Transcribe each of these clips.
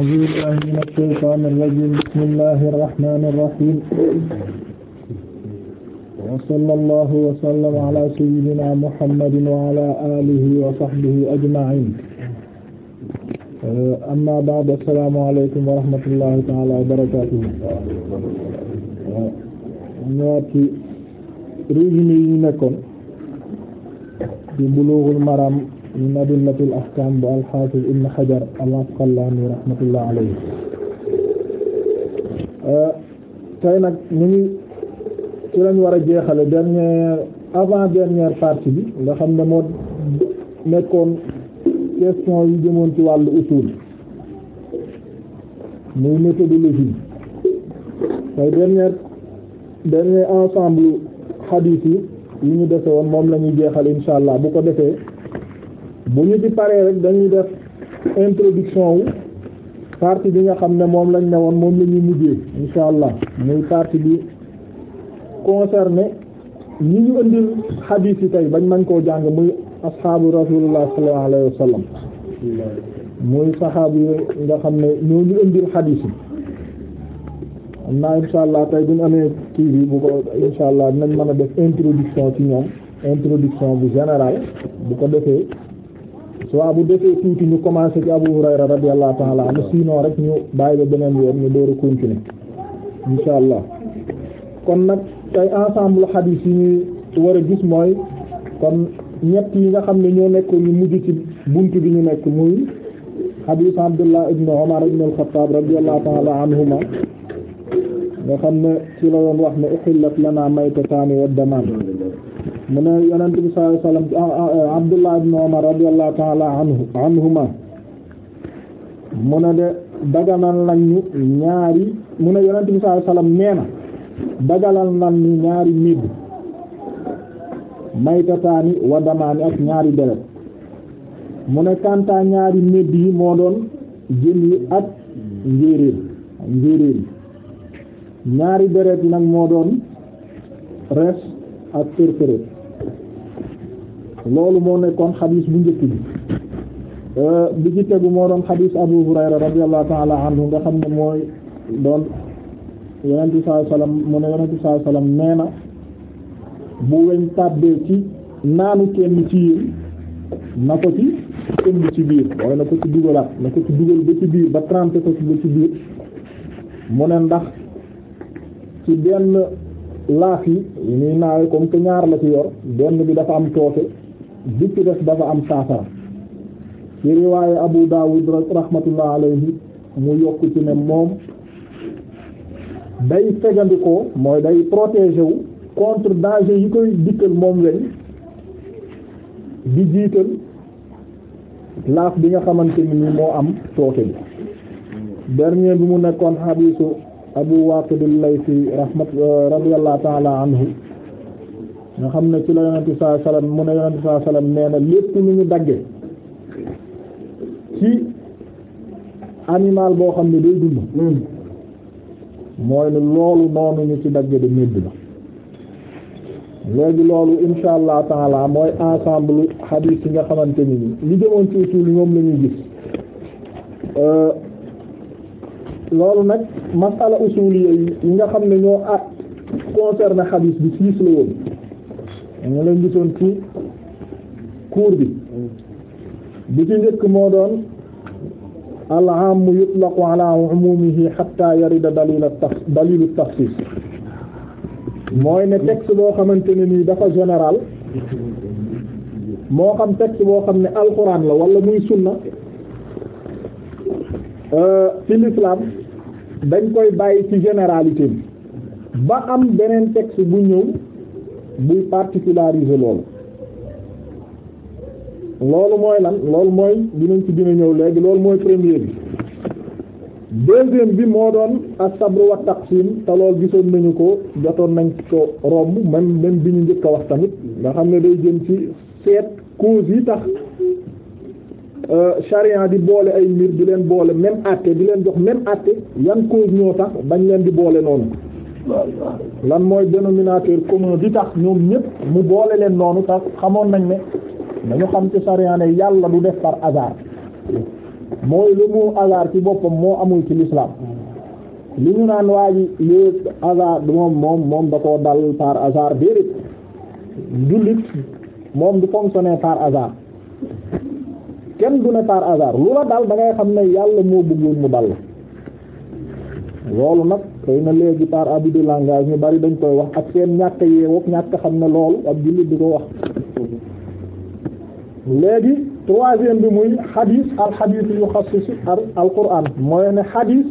أعوذ بالله من الشيطان الرجيم بسم الله الرحمن الرحيم وصلى الله وسلم على سيدنا محمد وعلى آله وصحبه أجمعين أما بعد السلام عليكم ورحمة الله تعالى وبركاته ñëwaat ci résumé yi ñu nekkoon ci Bulughul Maram min adillatil ahkaam bu al-Haafiz ibn Hajar al-Asqalaani rahmatullah euh, nag ñu ngi ci lañ war a jeexale dernière avant dernière partie bi nga xam ne moo nekkoon question yu jëmoon ci wàllu usul muy méthodologie tey dernière dernier ensemble hadith yi yi ñu defe woon moom la ñuy jeexal insha allah bu ko defee bu ñu ci paree rek dañuy def introduction wu partie bi nga xam ne moom lañ ne woon moom la ñuy mujjee insha allah muy partie bi concerné ñi ñu indil xadiis yi tey bañ man koo jàng muy asxaabu rasulullah sallallahu alayhi wa sallam muy saxaabu nga xam ne ñoo ñu indil xadiis yi am naa insha allah tey buñ amee kii bi bu ko insha allah dinañ mën a def introduction ci ñoom introduction bu générale bu ko defee soit bu defee tuuti ñu commencé ci Abu Hurayra radiyallahu ta'ala anhu sinon rek ñu bàyyi ba beneen yoon ñu dooru continuer insha allah kon nag tey ensemble xadiis yi ñuy war a gis mooy kon ñett yi nga xam ne ñoo nekk yu mujj ci bunt bi ñu nekk muy xadiis Abdullah ibn Umar ibn al-Khattab radiyallahu ta'ala anhuma nga xam ne ci la doon wax ne uhillat lana maytatan wa daman mu ne yonent bi sallallahu alayhi wasallam ah, ah, eh, Abdullah ibn Umar radiyallahu ta'ala anhu anhuma mu ne de daganal nañ ñu ñaari mu ne yonent bi sallallahu alayhi wasallam nee na ñu ñaari midd maytataani wa damaani ak ñaari deret mu ne kanta ñaari midd yi moo doon jën yi ak njéeréer njéeréer ñaari deret nag moo doon res ak përpëreet loolu moo nekkoon xadiis bu njëkk bi euh, bi ci tegu moo doon xadiis Abu Hurayra radiyallahu ta'ala anhu nga xam ne mooy doon yonent bi sallallahu alayhi mu ne yonent bi sallallahu nee na bu weñ tàbbee ci naanu kenn ci yéen na ko ci ëmb ci biir waaye na ko ci dugalaat na ko ci dugal ba ci biir ba trempé ko ci biir mu ne ndax ci benn laaf yi ñuy naawe comme que ñaar la ci yor benn bi dafa am tooke bi ci def dafa am saafara ci riwaaye Abu Dawud rahmatullah alayhi mu yokk ne moom day fegandikoo mooy day protéger wu contre danger yi koy dikkal moom weñ di jiital laaf bi nga xamante ni moo am soote bi dernier bi mu nekkoon xadiisu Abu Waqid al-Laythi rahmat radiyallahu ta'ala anhu nga xam ne ci la yonente saa sallam mu ne yonente saa sallam nee na lépp lu ñu dagge ci animal boo xam ne day dund mm. mooy ne loolu noonu ñu ci dagge de médd la léegi loolu insha allah taala mooy ensemble hadith yi nga xamante ni li jëmoon ci usul ñoom moom ñuy gis euh, loolu nag masala usul yi nga xam ne ñoo at concerné hadith bi siis la woon ñu leen gisoon ci cours bi bi ci njëkk moo doon al-aam yutlaqu ala umumihi hatta yarida dalil at-tafsiis dalilu at-tafsiis mooy ne texte boo xamante ne nii dafa général moo xam texte boo xam ne alxuraan la wala muy sunna euh, ci dañ koy bàyyi ci généralité bi ba am beneen texte bu ñëw buy particulariser loolu loolu mooy lan loolu mooy dinañ ci dina ñëw léegi loolu mooy premier bi deuxième bi moo doon as-sabr wa taqsim te lool gisoon nañu ko jotoon nañ ko romb même même bi ñu njëkk a wax tamit nga xam ne day jëm ci seet cause yi tax charian euh, di boole ay mbir di leen boole même àtte di leen jox même àtte yan cause ñoo tax bañ leen di boole noonu lan mooy dénominateur commun bi tax ñoom ñëpp mu boole leen noonu tax xamoon nañ ne dañu xam ci sariya ne yàlla du def par hasard mooy le mot hasard ci boppam moo amul ci l'islam li ñu naan waa ji le hasard moom moom moom da koo dal par hasard déedéet jullit moom du fonctionner par hasard kenn du ne par hasard lu la dal da ngay xam ne yàlla moo bëggoon mu dal loolu nag xëy na léegi par abus de langage ñu bari dañ koy wax ak seen ñàkk yeewook ñàkk xam na loolu ab jullit di ko wax léegi troisième bi muy xadiis al xadiis yu xassisi al quraan mooy ne xadiis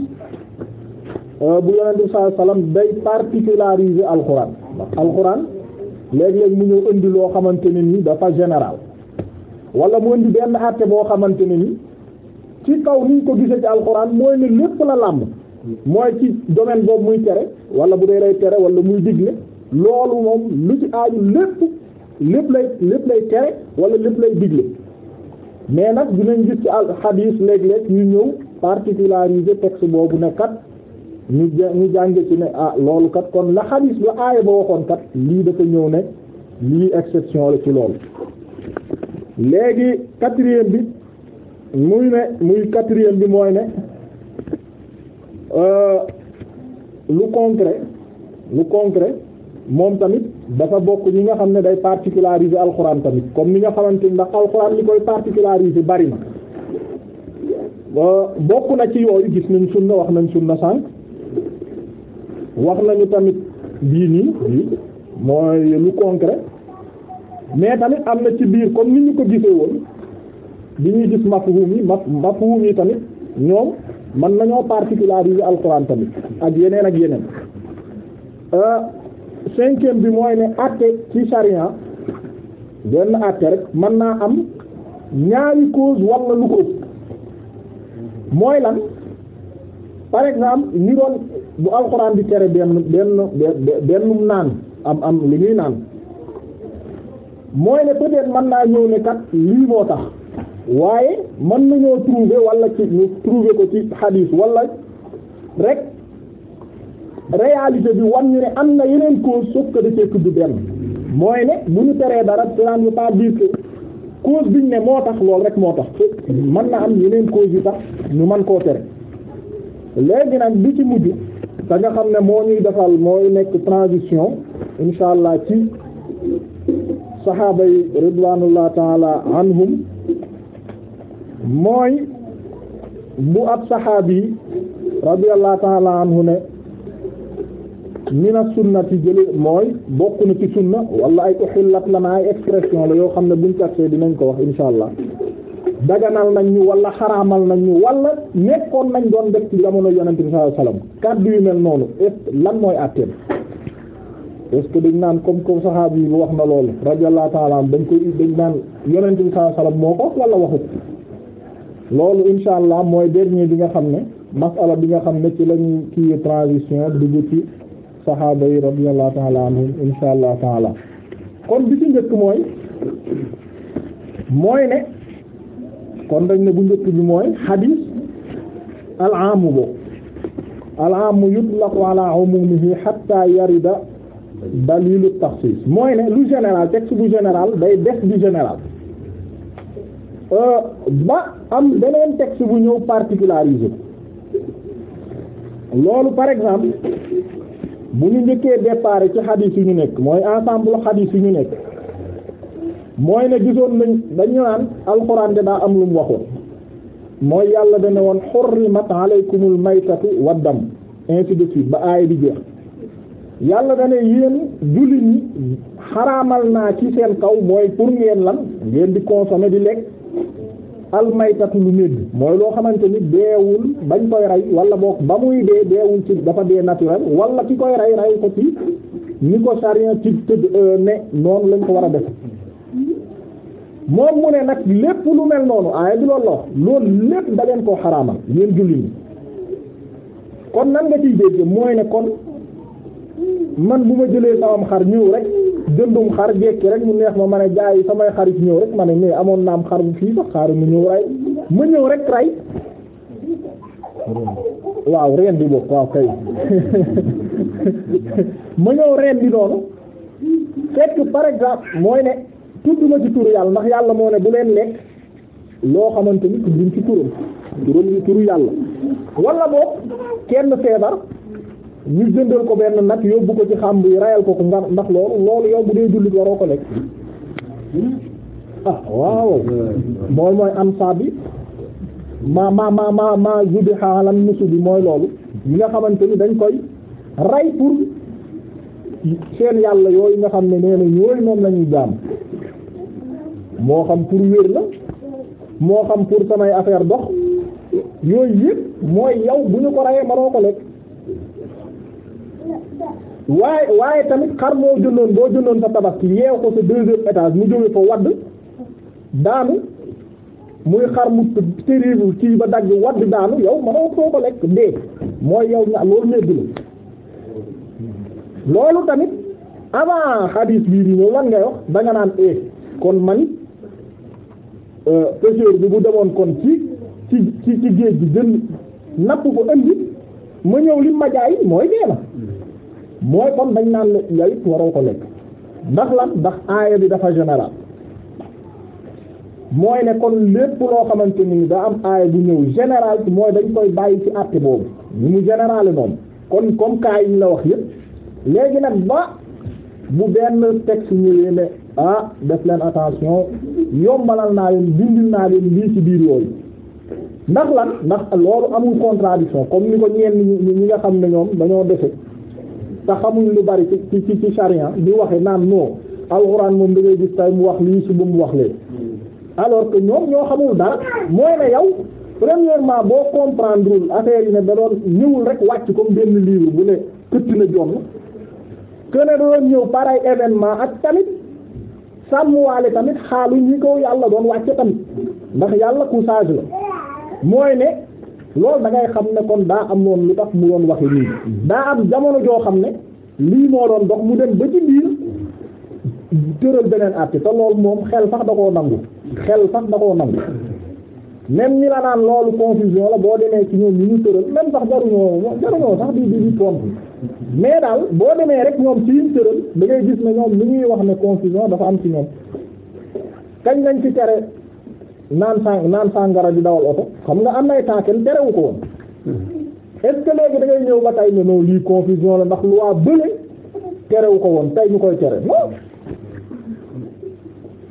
euh, bu yonent bi sallallahu alayhi wasallam day particulariser al quraan al quraan léeg-léeg mu ñëw indi loo xamante ne ni dafa général wala mu indi benn àtte boo xamante ne ni ci kaw niñ ko gisee ci al quraan mooy ne lépp la làmb mooy ci domaine boobu muy tere wala bu dee lay tere wala muy digle loolu moom lu ci aaju lépp lépp lay lépp lay tere wala lépp lay digle mais nag dinañ gis ci xadiis léeg-léeg ñu ñëw particularisé texte boobu ne kat ñu ñu jànge ci ne ah loolu kat kon la xadiis la aaya ba waxoon kat lii dafa ñëw ne lii exception la ci loolu léegi quatrième bi muy ne muy quatrième bi mooy ne Euh, lu concret lu concret moom tamit dafa bokk ñi nga xam ne day particulariser alxuraan tamit comme ni nga xamante ni ndax alxuraan li koy particulariser bari na euh, bokk na ci yooyu gis nañ sunna wax nañ sunna sànq wax nañu tamit bii nii bii mooy lu concret mais tamit am na ci biir comme ni ñu ko gisee woon bi ñuy gis mafhum yi maf mafhum yi tamit ñoom man nañoo particulariser alxuraan tamit ak yeneen ak yeneen euh, cinquième bi mooy ne àtte ci charia benn àtte rek mën naa am ñaari cause walla lu ko mooy lan par exemple ñi doon bu alxuraan di tere benn benn benn naan am am li ñuy naan mooy ne peut-être mën naa ñëw ne kat lii moo tax waaye mën nañoo trouver wala ci ñu trouver ko ci hadith wala rek réalité bi wan ñu ne am na yeneen cause sauf que da cee tudd benn mooy ne bu ñu teree dara cela ne veut pas dire cause bi ñu ne moo tax loolu rek moo tax man na am yeneen cause yu tax ñu man koo tere léegi nag bi ci mujj da nga xam ne moo ñuy defal mooy nekk transition insha allah ci saxaaba yi ridwanullah taala anhum mooy bu ab saxaabi radiyallahu ta'ala anhu ne mina sunnati jële mooy bokk na ci sunna wala ay uhillat lana ay expression la yoo xam ne buñ taxee dinañ ko wax insha allah daganal nañ ni wala xaraamal nañ ñu wala nekkoon nañ doon def ci jamono yonent bi sallallahu alayhi wasallam kàddu yu mel noonu est lan mooy àtteem est-ce dañ naan comme comme saxaabi yi bu wax na loolu radiyallahu ta'ala dañ koy dañ naan yonent bi sallallahu alayhi moo ko wala waxut loolu insha allah mooy dernier bi nga xam ne masala bi nga xam ne ci lañu kii transition dugg ci saxaaba yi radiyallahu taala anhum insha allah taala kon bi ci njëkk mooy mooy ne kon dañ ne bu njëkk bi mooy xadiis al aamu bo al aamu yutlaqu ala umumihi hatta yarida dalilu taxsiis mooy ne lu général texte bu général day des du général Euh, ba am beneen texte bu ñëw particularisé loolu par exemple bu ñu njëkkee départ ci xadiis yu ñu nekk mooy ensemble xadiis yu ñu nekk mooy ne gisoon nañ dañu naan alxuraan de daa am lu mu waxoon mooy yàlla dana woon xurrimat aleykumul maytatu wa dam ainsi de suite ba aay di jeex yàlla dana yéen jullit ñi xaraamal naa ci seen kaw mooy pour ngeen lan ngeen di consommer di lekk almaytatu lu médd mooy loo xamante ni deewul bañ koy rey wala boog ba muy dee deewul ci dafa dee naturel wala ki koy rey rey ko ci ni ko sarien ci tëdd euh, ne noonu lañ ko war a def moom mu ne nag lépp lu mel noonu aaya bi loolu la lépp da leen koo xaraamal yéen julli ñi kon nan nga ciy mooy ne kon man bu ma jëlee am xar ñëw rek jëndum xar jekki rek mu neex ma ma ne jaay samay xarit ñëw rek ma ne mais amoon naam xar bu fii sax xaaru mu ñëw rey ma ñëw rek rey waaw reen di bokk waaw kay ma ñëw reen di noonu fekk par exemple mooy ne tudd ma turu yàlla ndax yàlla moo ne bu leen lekk loo xamante ni tudd ci turu yàlla wala boog kenn feebar ñu jëndal ko benn nag yóbbu ko ci xàmb yi rayal ko ko ndax loolu loolu yow bu dee jullit waroo ko lekk ah waaw mooy mooy am saa ma ma ma ma ma jubi xaalam nusu bi mooy loolu yi nga xamante ni dañ koy ray pour seen yàlla yooyu nga xam ne nee na ñooyu moom la ñuy moo xam pour wér la moo xam pour samay affaire dox yooyu yëpp mooy yow bu ñu ko rayee manoo ko lekk waaye waaye tamit xar moo jëndoon boo jëndoon sa tabaski yeew ko sa deuxième étage mu jóge fa wadd daanu muy xar mu tëriwul ci ba dagg wadd daanu yow mënoo foo ko lekk dee mooy yow ña loolu médd loolu tamit avant xadiis bii di ñëw lan ngay wax danga naan e kon man euh, pêcheur bi bu demoon kon ci ci ci ci géej gi jënd napp ko indi ma ñëw li ma mooy dee na mooy kon dañ naan la yow it waroo ko lekk ndax lan ndax aaya bi dafa général mooy ne kon lépp loo xamante ni da am aaya bu ñëw général mooy dañ koy bàyyi ci àtte boobu ñu mu général noonu kon comme cas la wax yépp léegi nag ba bu benn texte ñëwee ne ah def leen attention yombalal naa leen bindil naa leen lii ci biir yooyu ndax lan ndax loolu amul contradiction comme ni ko ñenn ñi ñi nga xam ne ñoom dañoo defe te xamuñ lu bari ci ci ci charia di waxe naan non alxuraan moom da ngay gis tay mu wax lii suba mu wax lee alors que ñoom ñoo xamul dara mooy ne yow premièrement boo comprendrewul affaire yi ne da doon ñëwul rek wàcc comme benn livre bu ne këtt na jom que doon ñëw pareil événement ak tamit sàmmwaale tamit xaalu ñu ko yàlla doon wàcce tamit ndax yàlla ku sage la mooy ne loolu da ngay xam ne kon daa am noonu lu tax mu doon waxe nii daa am jamono joo xam ne lii moo doon dox mu dem ba ci tëral beneen àtte te loolu moom xel sax da koo nangu xel sax da koo nangu même ñi la naan loolu confusion la boo demee ci ñoom ñu ñu tëral même sax jaruñoo jaruñoo sax di di di pompe mais daal boo demee rek ñoom ci ñu tëral da ngay gis ne ñoom li ñuy wax ne confusion dafa am ci ñoom kañ lañ ci tere naan sang naan sàngara di dawal oto xam nga am nay temps kenn terewu ko woon hmm. est léegi da ñëw ba tay ne non lii confusion la ndax loi bële terewu ko woon tey ñu koy tere non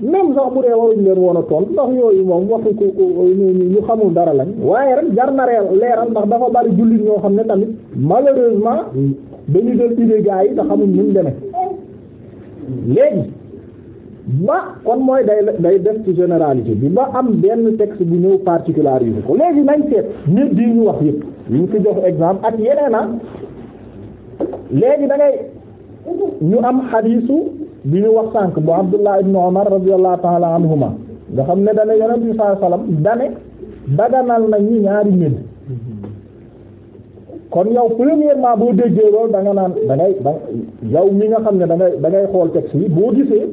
même sax bu dee waruñ leen woon a tontu ndax yooyu moom waxu ko ñu xamul dara lañ waaye rek jar na leeral ndax dafa bari jullit ñoo xam ne tamit malheureusement dañu jël idée gaa yi te xamul nuñ demee léegi. ba kon mooy day day dem ci généralité bi ba am benn texte bu ñëw particularisé ko léegi nañ seet ñëpp di ñu wax yëpp ñu fi jox exemple ak yeneen a ah. léegi dangay ñu am xadiisu bi ñu wax sànq bu Abdullah ibn Umar radiyallahu ta'ala anhuma nga xam ne dane yonent bi sallallahu alayhi wasallam dane daganal nañ ñu ñaari médd kon yow premièrement boo déggee loolu da nga naan da ngay da yow mi nga xam ne dangay da ngay xool texte bi boo gisee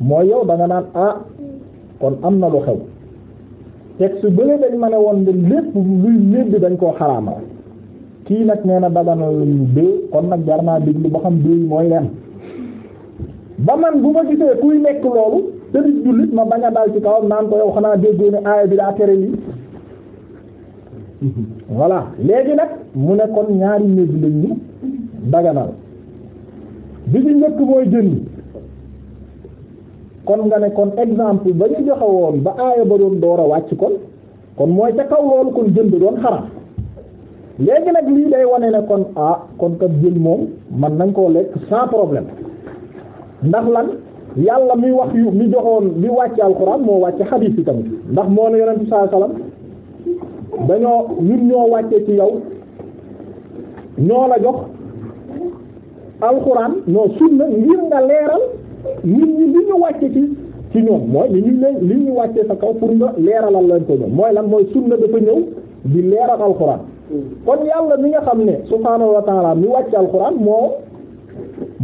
mooy yow da nga naan ah, kon am na lu xew texte bële dañ ma ne woon ne lépp luy médd dañ koo xaraamal kii nag nee na daganal lañu kon nag jar naa déglu ba xam bee mooy leen ba man bu ma gisee kuy nekk loolu te jullit ma bañ a dal ci kawam naan ko yow xanaa déggoo ne aaya bi daa tere lii voilà léegi nag mu ne kon ñaari médd lañu daganal bi ci njëkk mooy jën kon nga ne kon exemple ba ñu joxe ba aaya ba doon door a wàcc kon kon mooy ca kaw loolu kon jënd doon xaram léegi nag lii day wone ne kon ah kon kat jël moom man nañ ko lekk sans problème ndax lan yàlla mi wax yu mi joxoon mi wàcc alxuraan moo wàcce xadiis yi tamit ndax moo ne yonent saa salaam dañoo ñun ñoo wàcce ci yow ñoo la jox alxuraan ñoo sunna ngir nga leeral nit ñi li ñu wàcce ci ci ñoom mooy li ñu leen li ñu wàcce sa kaw pour nga leeralal leen ko ñoom mooy lan mooy sunna dafa ñëw di leeral alxuraan kon yàlla mi nga xam ne subhaanahu wa taala mi wàcce alxuraan moo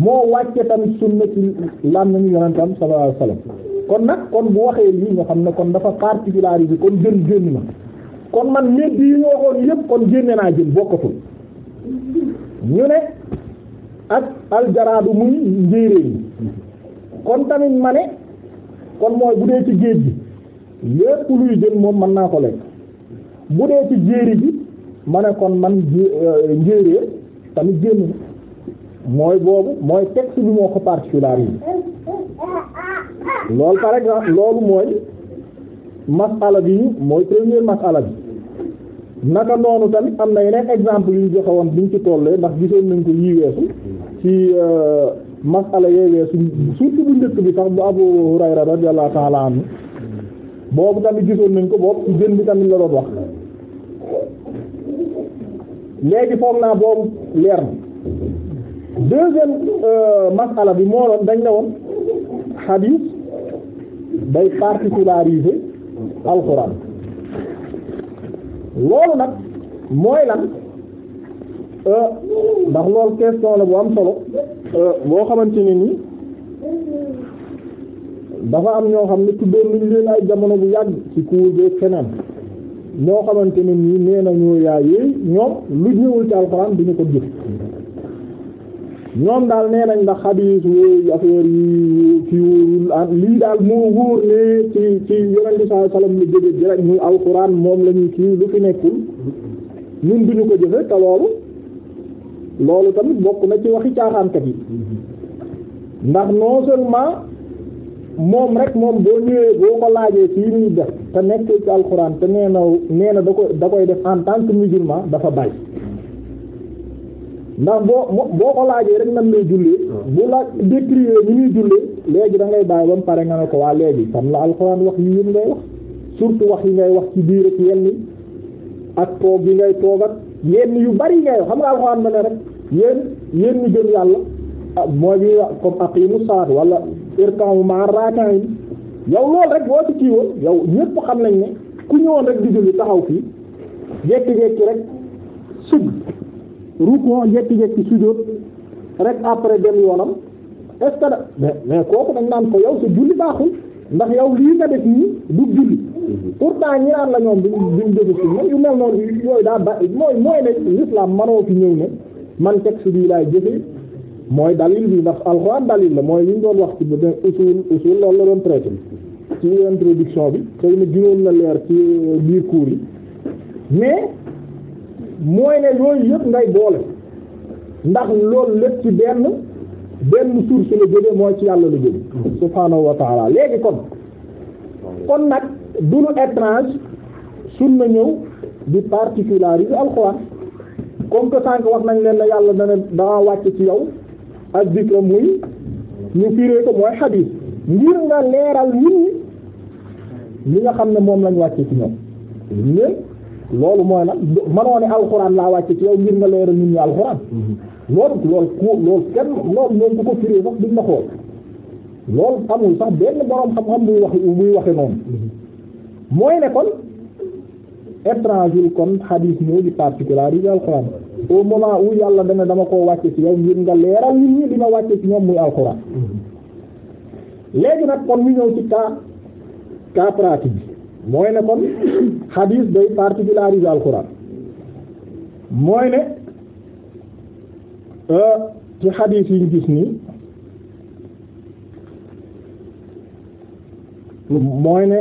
moo wàcce tamit sunna ci lan nañu kon nag kon bu waxee lii nga xam ne kon dafa particularisé kon jën kon man médd yi ñu waxoon yëpp kon génne naa jën bokkatul ñu ne ak aljaraadu muy njéeréer yi kon tamit ma ne kon mooy bu dee ci géej gi lépp luy jën moom mën naa ko lekk bu dee ci géer ji ma ne kon man euh, njéeréer tamit génn mooy boobu mooy texte bi moo ko particularisé loolu par exemple loolu mooy masala bi mooy premier masala bi naka noonu tamit am na yeneen exemple yu ñu joxe woon bi ñu ci tollee ndax gisoon nañ ko yii weesu ci euh, masala yooyu weesu surtout bu njëkk bi sax bu Abu Hurayra radiyallahu ta'ala anhu boobu tamit gisoon nañ ko boobu ci jën bi tamit la doon wax naa boobu leer na deuxième euh, masala bi moo doon dañ ne woon xadiis day particulariser alxuraan loolu nag mooy lan euh, ndax loolu question la bu am solo moo euh, xamante ne ni dafa am ñoo xam ne tuddoon nañ leen ay jamono bu yàgg ci cours de fenaan ñoo xamante ne nii nee nañu yaay yooyu ñoom lu ñëwul ci alxuraan duñu ko jëf ñoom daal nee nañ ndax xadiis yooyu affaire yi ci lii daal moo wóor ne ci ci yonent bi sallallahu alayhi wasallam lu jóge direct alxuraan moom la ñuy kii lu fi nekkul ñun duñu ko jëfe te loolu tamit bokk na ci waxi caaxaankat bi ndax non seulement moom rek moom boo ñëwee boo ko laajee ci muy def te nekk ci alxuraan te nee na da ko da koy def en tant que musulman dafa bàyyi ndax boo boo ko laajee rek nan lay jullee bu la décrire ni muy jullee léegi da ngay bàyyi ba mu pare nga ne ko waa léegi fan la alxuraan wax yi yëpp ngay wax surtout wax yi ngay wax ci biir ak yenn ak toog yi ngay toogat yenn yu bari ngay xam nga alxuraan ma ne rek yéen yéen ñu gëm yàlla ah, mooy bi wax comme aqimu salaat wala irka'u ma'a raki'in yow loolu rek boo ci woon yow ñépp xam nañ ne ku ñëwoon rek di julli taxaw fii jekki-jekki rek sug rukon jekki-jekki sujjóot rek après dem yoonam est-ce que mais mais kooku dañ naan ko yow sa julli baaxul ndax yow lii nga def nii du julli pourtant ñi naan la ñoom duñ duñ def ci man yu mel yooyu daa ba mooy mooy ne l'islam manoo fi ñëw ne man texte bii laay jëfe mooy dalil bi ndax alxuraan dalil la mooy li doon wax ci bu dee usul usul loolu la doon traité ci introduction bi xëy na gënoon na leer ci biir cours yi mais mooy ne yooyu yëpp ngay boole ndax loolu lépp ci benn. benn source la jóge mooy ci yàlla la jóge subhaanahu wa taala léegi kon kon nag du lu étrange sunna ñëw di particulariser alxuraan comme que sànq wax nañ leen ne yàlla dana daa wàcc ci yow ak zikra muy ñu firee ko mooy xadiis ngir nga leeral nit ñi li nga xam ne moom lañ wàcc ci ñoom mais loolu mooy nag manoo ne alxuraan laa wàcc ci yow ngir nga leeral nit ñi alxuraan loolu loolu ku loolu kenn loolu loolu bu ko firee sax duñ la xool loolu amul sax benn boroom xam-xam buy wax buy waxe noonu mooy ne kon étranger kon xadiis ñoo di particularité alxuraan au moment où yàlla dana dama koo wàcce ci nga leeral nit mi dina wàcce ci ñoom moom alxuraan léegi nag kon ñu ñëw ci cas cas pratique bi mooy ne kon xadiis day particularisé alxuraan mooy ne Euh, ci xadiis yi ñu gis nii mooy ne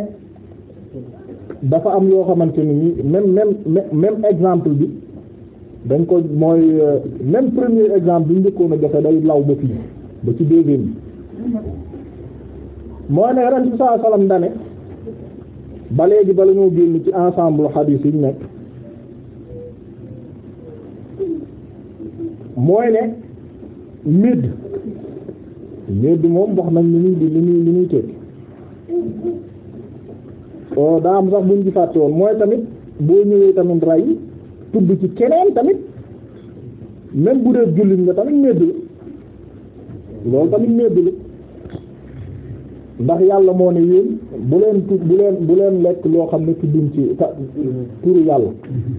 dafa am yoo xamante ni nii même même exemple bi dañ ko mooy euh, même premier exemple bi ñu njëkkoon a joxe day law ba fii ba ci deuxième bi mooy ne ren ci saa salaam ba léegi bala ñoo génn ci ensemble xadiis yi ñu nekk mooy ne médd médd moom wax nañ li muy li muy li muy oh, daa am sax buñ ci fàtte woon mooy tamit boo ñëwee tamit ray tudd ci keneen tamit même bu dee jullit nga tamit médd la loolu tamit médd la ndax yàlla moo ne yéen bu leen tu bu leen bu leen lekk loo xam ne tudduñ ci ta turu yàlla mm-hmm.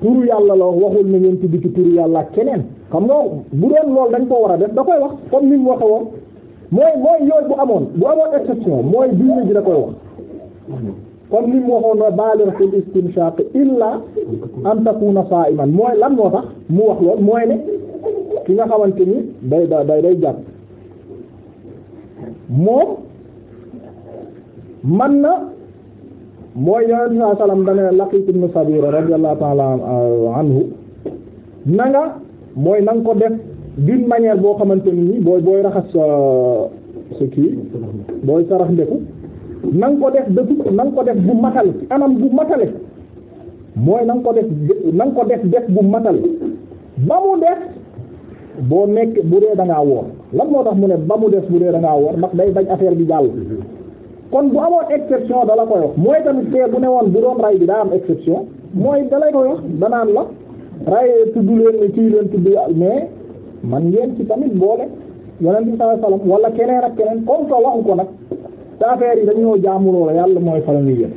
turu yàlla la waxul ne ngeen tudd ci turu yàlla ak keneen xam nga bu doon loolu dañ koo war a def da koy wax comme ni mu waxe woon mooy mooy yooyu bu amoon bu amoon exception mooy diine ji da koy wax comme ni mu waxoon na balir fil istinshaq illa an takuna sa'iman mooy lan moo tax mu wax lool mooy ne ki nga xamante ni day day day jàpp moom man na mooy yonent bi sallam dana Laqiit ibn Sabira radiyallahu ta'ala anhu nanga mooy na nga ko def d'une manière boo xamante ni booy booy raxas sa euh, sa kii booy sarax ndeku na ko def de na nga ko def bu matal anam bu matale mooy na ko def na nga ko def bu matale ba mu def boo nekk bu dee da ngaa woor lan moo tax mu ne ba mu def bu dee da ngaa woor ndax day bañ affaire bi jàll kon bu amoon exception da la koy wax mooy tamit kee bu ne woon bu doon ray bi daa am exception mooy da lay koy wax danaan la rayee tudd leen ne kii tudd mais man ngeen ci tamit boole yonent bi sallallahu alayhi wala keneen ak keneen comme que waxu ko nag te affaire yi dañoo jaamuloo la yàlla mooy faral di yéen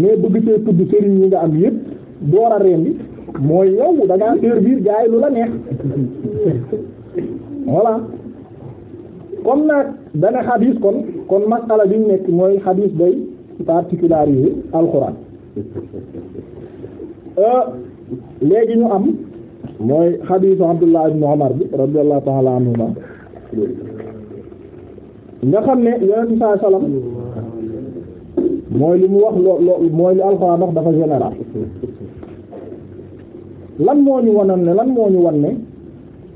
mais bëgg see tudd sëriñ yi nga am yëpp door a reen bi mooy yow da ngaa servir gaay lu la neex voilà comme nag dana xadiis kon kon masala biñ nekk mooy xadiis day particularisé alxuraan. Euh, léegi ñu am mooy xadiisu Abdullah ibn Umar bi radiyallahu ta'ala anhuma nga xam ne yonent saa salaam mooy li mu wax loo loo mooy li alxuraan dafa général lan moo ñu wanoon ne lan moo ñu wan ne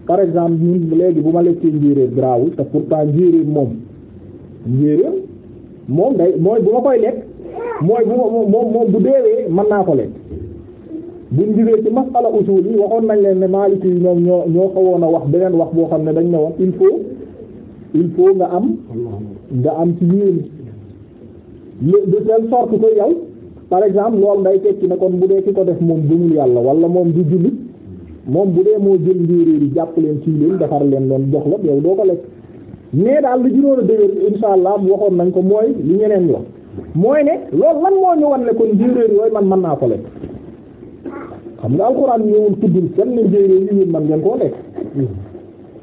par exemple ñun léegi bu ma lekkee njéeréer grawul te pourtant njéeréer moom njéeréer moom day mooy bu ma koy lekk mooy bu ma moom moom bu deewee mën naa ko lekk buñ gisee ci masala usul yi waxoon nañ leen ne maliki yi ñoom ñoo ñoo xawoon a wax beneen wax boo xam ne dañ ne woon il faut il faut nga am nga am ci yéen de telle sorte que yow par exemple loolu day tekki ne kon bu dee ki ko def moom gëmul yàlla wala moom du jullit moom bu dee moo jël njéeréer yi jàpp leen ci leen defar leen doon jox la yow doo ko lekk mais daal lu juróon a dëgër insha allah waxoon nañ ko mooy li ñeneen la mooy ne loolu lan moo ñu wan ne kon man mën naa ko lekk xam nga alxuraan ñëwul tuddul kenn njëriñ li ñu mën ngeen koo lekk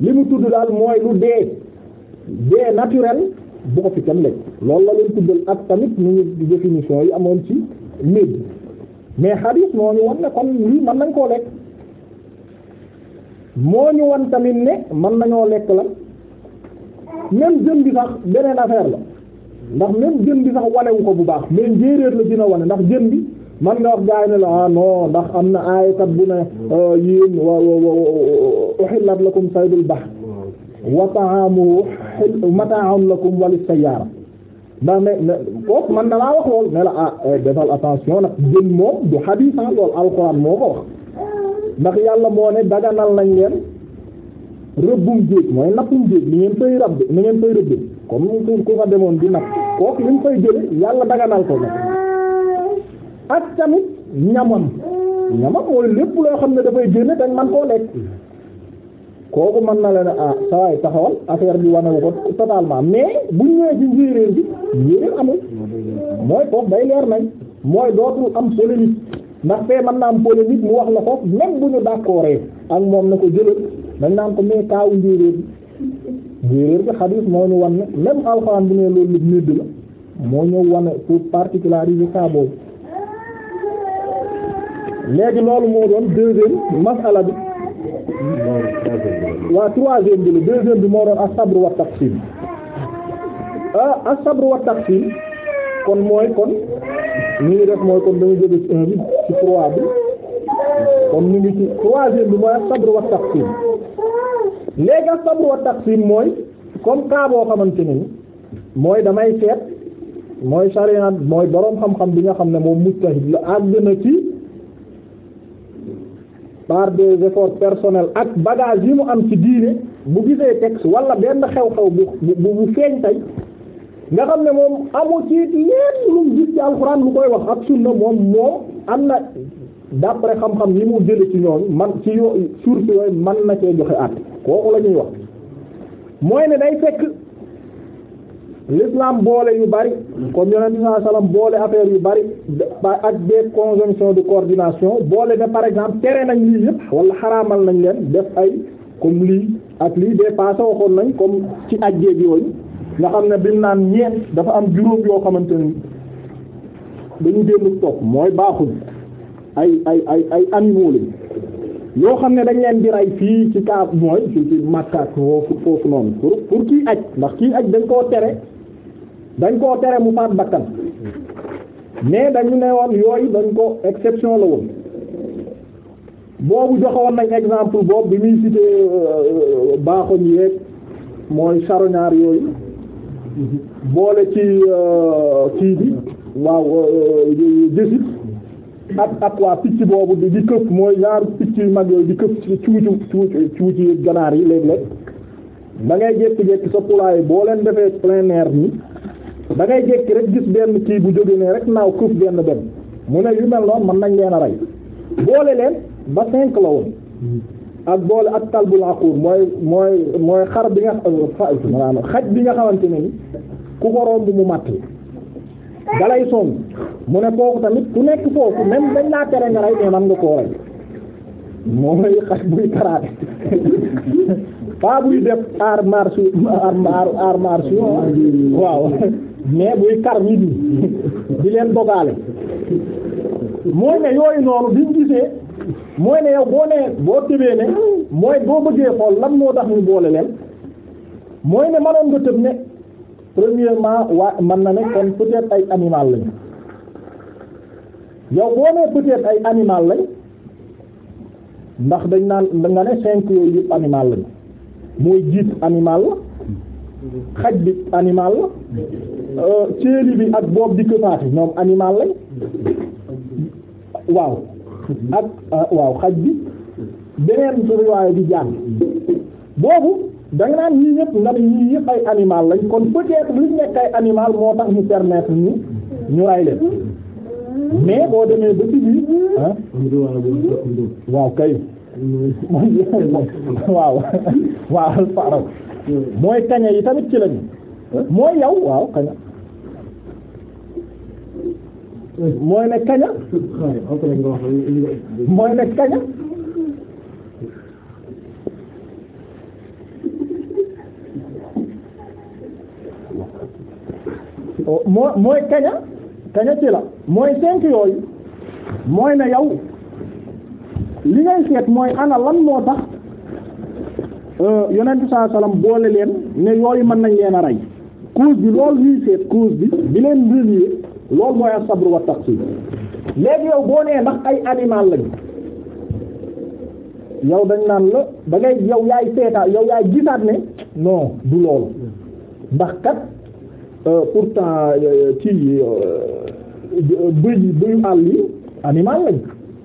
li mu tudd daal mooy lu dee dee naturel bu ko fi kenn lekk loolu la leen tuddal ak tamit ñu ngi définition yi amoon ci méd mais xadis moo ñu wan ne kon lii mën nañ koo lekk moo ñu wan tamit ne man nañoo lekk lan même jën bi sax beneen affaire la ndax même jën bi sax wanewu ko bu baax mais njéeréer la dina wane ndax jën bi man nga wax gaay ne la ah non ndax am na aaykat bu ne mm. euh, yéen wa uhillat lakum saydul bahr mm. wa ta'amuhu mata'un lakum wa lis-sayyara ndax ne ne kooku man na laa wax lool ne la ah eh, defal attention nag jën moom du xadiis ah, lool alxuraan moo ko wax ndax yàlla moo ne daganal nañ leen rëbbum géej mooy nappum géej ni ngeen fay rëbb ni ngeen fay rëbb comme ku fa demoon di napp kooku li mu fay jële yàlla daganal ko nag ak tamit ñamam ñamam mooy lépp loo xam ne dafay génne dañ man koo lekk kooku mën na leen ah sawaay taxawal affaire bi wanewu ko totalement mais bu ñëwee ci njéeréer bi njéeréer amul mooy foofu day leer nañ mooy dootul am polémique ndax fee mën na am polémique mu wax la foofu bu ñu d'accord ak moom na ko jëlee dañ naan ko mais kaawu njéeréer bi njéeréer bi xadiis moo ñu wan ne même alxuraan bu ne loolu lépp la moo ñëw wane pour particulariser saa léegi loolu moo doon deuxième masala bi waa troisième bi la deuxième bi moo doon as-sabr wa ah as-sabr wa kon mooy kon ni ñu def mooy kon dañu jóge ci un bi ci trois bi mooy as-sabr wa léegi as-sabr wa mooy comme cas boo xamante ni mooy damay seet mooy sariyaan mooy boroom xam-xam bi nga xam ne moom mujtahid la àgg na ci par des efforts personnels ak bagage yi mu am ci diine bu gisee texte wala benn xew-xew bu bu feeñ tey nga xam ne moom amu ci leen lu mu gis ci alxuraan lu koy wax ak sunna moom moo am na d'après xam-xam yi mu jële ci ñoom man ci yo source yooyu mën na cee joxe at kooku la ñuy wax mooy ne day fekk l'islam boole yu bari comme yonent bi sallallahu alayhi wasallam boole affaire yu bari ak des conjonctions de ordination boole na par exemple tere nañ lii yépp wala xaramal nañ leen def ay comme lii ak lii des passé waxoon nañ comme ci ajjeeg yooyu nga xam ne bimu naan ñeent dafa am juróom yoo xamante ni dañu génn topp mooy baaxul ay ay ay ay animaux lañ yoo xam ne dañ leen di rey fii ci kaab mooy ci ci Makka foofu foofu noonu pour pour kii aj ndax kii aj dañ koo tere dañ koo tere mu faat bakkan mais dañu ne woon yooyu dañ ko exception la woon boobu joxoon nañ exemple boobu bi muy cité euh, baaxoñ yeeg mooy charognard yooyu boole ci euh, kii bi waaw jësit euh, ak ak waa picc boobu di këf mooy genre picc yu mag yooyu di këf ci cuucu cuucu cuucu yëg ganaar yi léeg-léeg da ngay jékki-jékki sa boo leen defee plein nii da ngay jékki rek gis benn kii bu jóge ne rek naaw këf benn benn mu ne yu mel noonu mën nañ leen a rey boole leen ba cinq la woon ak boole ak talbul aquur mooy mooy mooy xar bi nga xaj bi nga xamante ne ni ku ko romb mu matt dalay song mu ne kooku tamit ku nekk foofu même dañ laa tere nga rey mais man nga koo rey mooy xaj buy karaate paa buy def aar marsu aar aar marsu waaw mais buy kar nit ñi di leen dogaale mooy ne yooyu noonu biñ gisee mooy ne yow boo nee boo tëbee ne mooy boo bëggee xool lan moo tax ñu boole leen mooy ne manoon nga tëb ne premièrement waa man na ne kon peut-être ay animal lañ yow boo nee peut ay animal lañ ndax dañ naan nga ne cinq yooyu yëpp animal lañ mooy jiit animal la xaj bi animal la céeli euh, bi ak boobu di këfaati ñoom animal lañ waaw ak euh, waaw xaj bi beneen su riwaaye di jàng boobu danga naan ñii yëpp nga ne ñii yëpp animal lañ kon peut-être lu nekk animal moo tax ñu permettre ñu ñu ray mais boo demee ba ci biir ah waaw kay mooy kaña yi tamit ci lañu mooy yow waaw kaña mooy ne kaña mooy ne kaña oh, moo mooy kaña kaña ci la mooy cinq yooyu mooy ne yow li ngay seet mooy ana lan moo tax euh, yonentu saa salaam boole leen ne yooyu mën nañ leen a rey cause bi loolu ñuy seet cause bi bi lool mooy as-sabr wa léegi yow boo nee ndax ay animal lañ yow dañ naan la da ngay yow yaay seetaat yow yaay gisaat ne non du loolu ndax kat euh, pourtant euh, euh, kii bëy bëyu àll yi animal lañ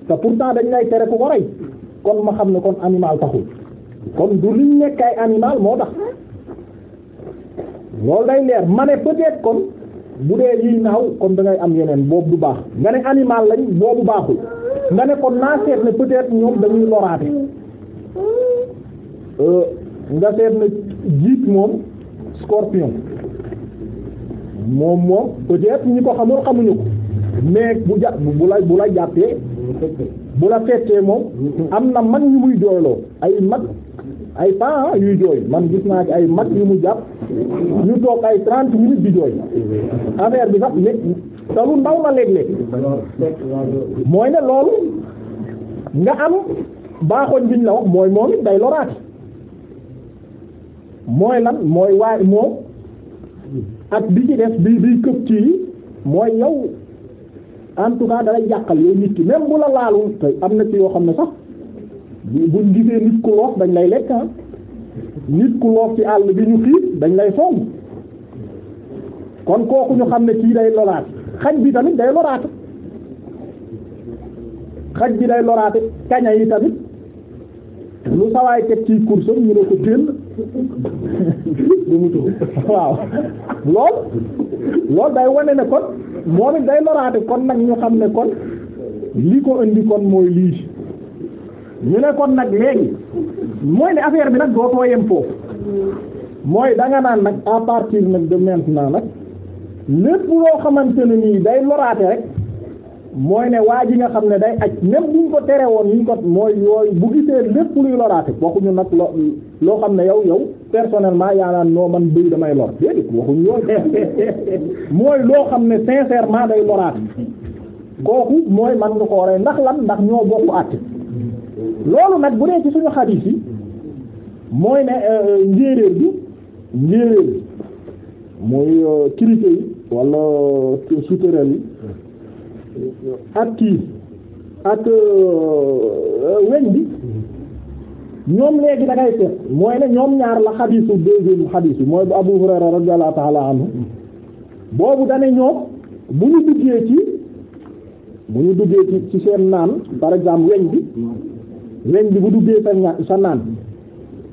te pourtant dañ lay tere ku ko rey kon ma xam ne kon animal taxul kon du liñ nekk animal moo tax loolu day leer ma ne peut kon bu dee yiy naaw kon da ngay am yeneen boobu bu baax nga ne animal lañ boobu baaxul nga ne kon naa seet ne peut-être ñoom dañuy loraate euh, nga seet ne jiit moom scorpion moom moom peut-être ñi ko xamul xamuñu ko mais bu ja bu la bu la jàppee bu la fettee moom am na mag ñu muy jooyloo ay mag ay paa ah yuy jooy man gis naa ci ay mag yu mu jàpp ñu toog ay trente minutes di jooy affaire bi sax nekk te lu ndaw la léeg-léeg mooy ne loolu nga am baaxoon biñ la wax mooy moom it day loraati mooy lan mooy waaye moom ak bi ci des bi biy këpp ci mooy yow en dalay yàqal yow nit ki même bu la laalul te am na ci yoo xam ne sax buñ gisee nit ku dañ lay lekk ah. nit ku loof ci àll bi ñu xiif dañ lay song kon kooku ñu xam ne kii day loraat xaj bi tamit day loraat xaj bi day loraat kaña yi tamit lu sawaay teg ci course ñu ne ko teel waaw lool lool day wone ne kon moom it day loraate kon nag ñu xam ne kon li ko indi kon mooy lii ñu ne kon nag léegi mooy ne affaire bi nag doo tooyem foofu mooy danga naan nag à partir nag de maintenant nag lépp loo xamante ne nii day loraate rek mooy ne waa ji nga xam ne day aj même buñ ko tere woon ñu ko mooy yooyu bu gisee lépp luy loraate waxuñu nag lo loo xam ne yow yow personnellement yaa naan noo man bëy damay lor déedéet waxuñu yooyu mooy loo xam ne sincèrement day loraate kooku mooy man nga ko rey ndax lan ndax ñoo bokk àtte loolu nag bu dee ci suñu xadiis yi mooy ne euh, euh, njéeréer bi njéeréer mooy criquet euh, yi wala sauterelles yi ak kii ak bi ñoom ne da ngay seet mooy ne ñoom ñaar la xadiisu deuxième xadiis mooy bu Abu Hurayra radiyallahu ta'ala anhu boobu dane ñoom bu ñu duggee ci bu ñu duggee ci ci seen naan par exemple weñ bi weñ bi bu duggee sa ña naan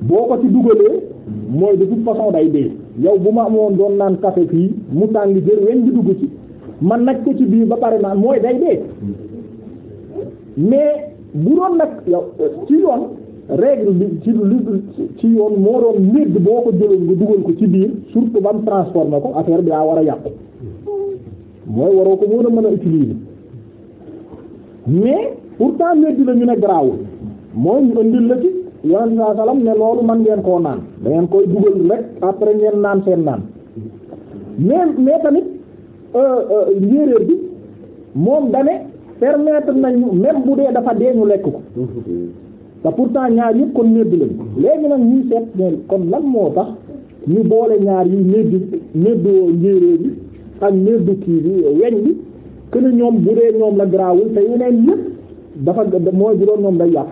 boo ko ci dugalee mooy de toute façon day dee yow bu ma amoon doon naan café fii mu tàng jër weñ bi dugg ci man nag ko ci biir ba pare naan mooy day dee mais bu doon nag yow ci yoon règle bi ci lu ci yoon moo doon médd boo ko jëloon nga dugal ko ci biir surtout ba mu transformé ko affaire bi daa war a yàqu mooy waroo ko moo a mën a utiliser mais pourtant médd la ñu ne garaawul mooy ñu indil la ci yonent saa salaam ne loolu man ngeen koo naan da ngeen koy dugal rek après ngeen naan seen naan mais mais tamit euh, euh, njéeréer bi moom dane permettre nañu même bu dee dafa dee ñu lekk ko te pourtant ñaar yëpp kon medd lañ léegi nag ñuy seet kon lan moo tax ñu boole ñaar yi medd meddoo njéeréer bi ak meddu kii bi weñ bi que ne ñoom bu dee ñoom la garaawul te yeneen yëpp dafa mooy bu doon ñoom day yàq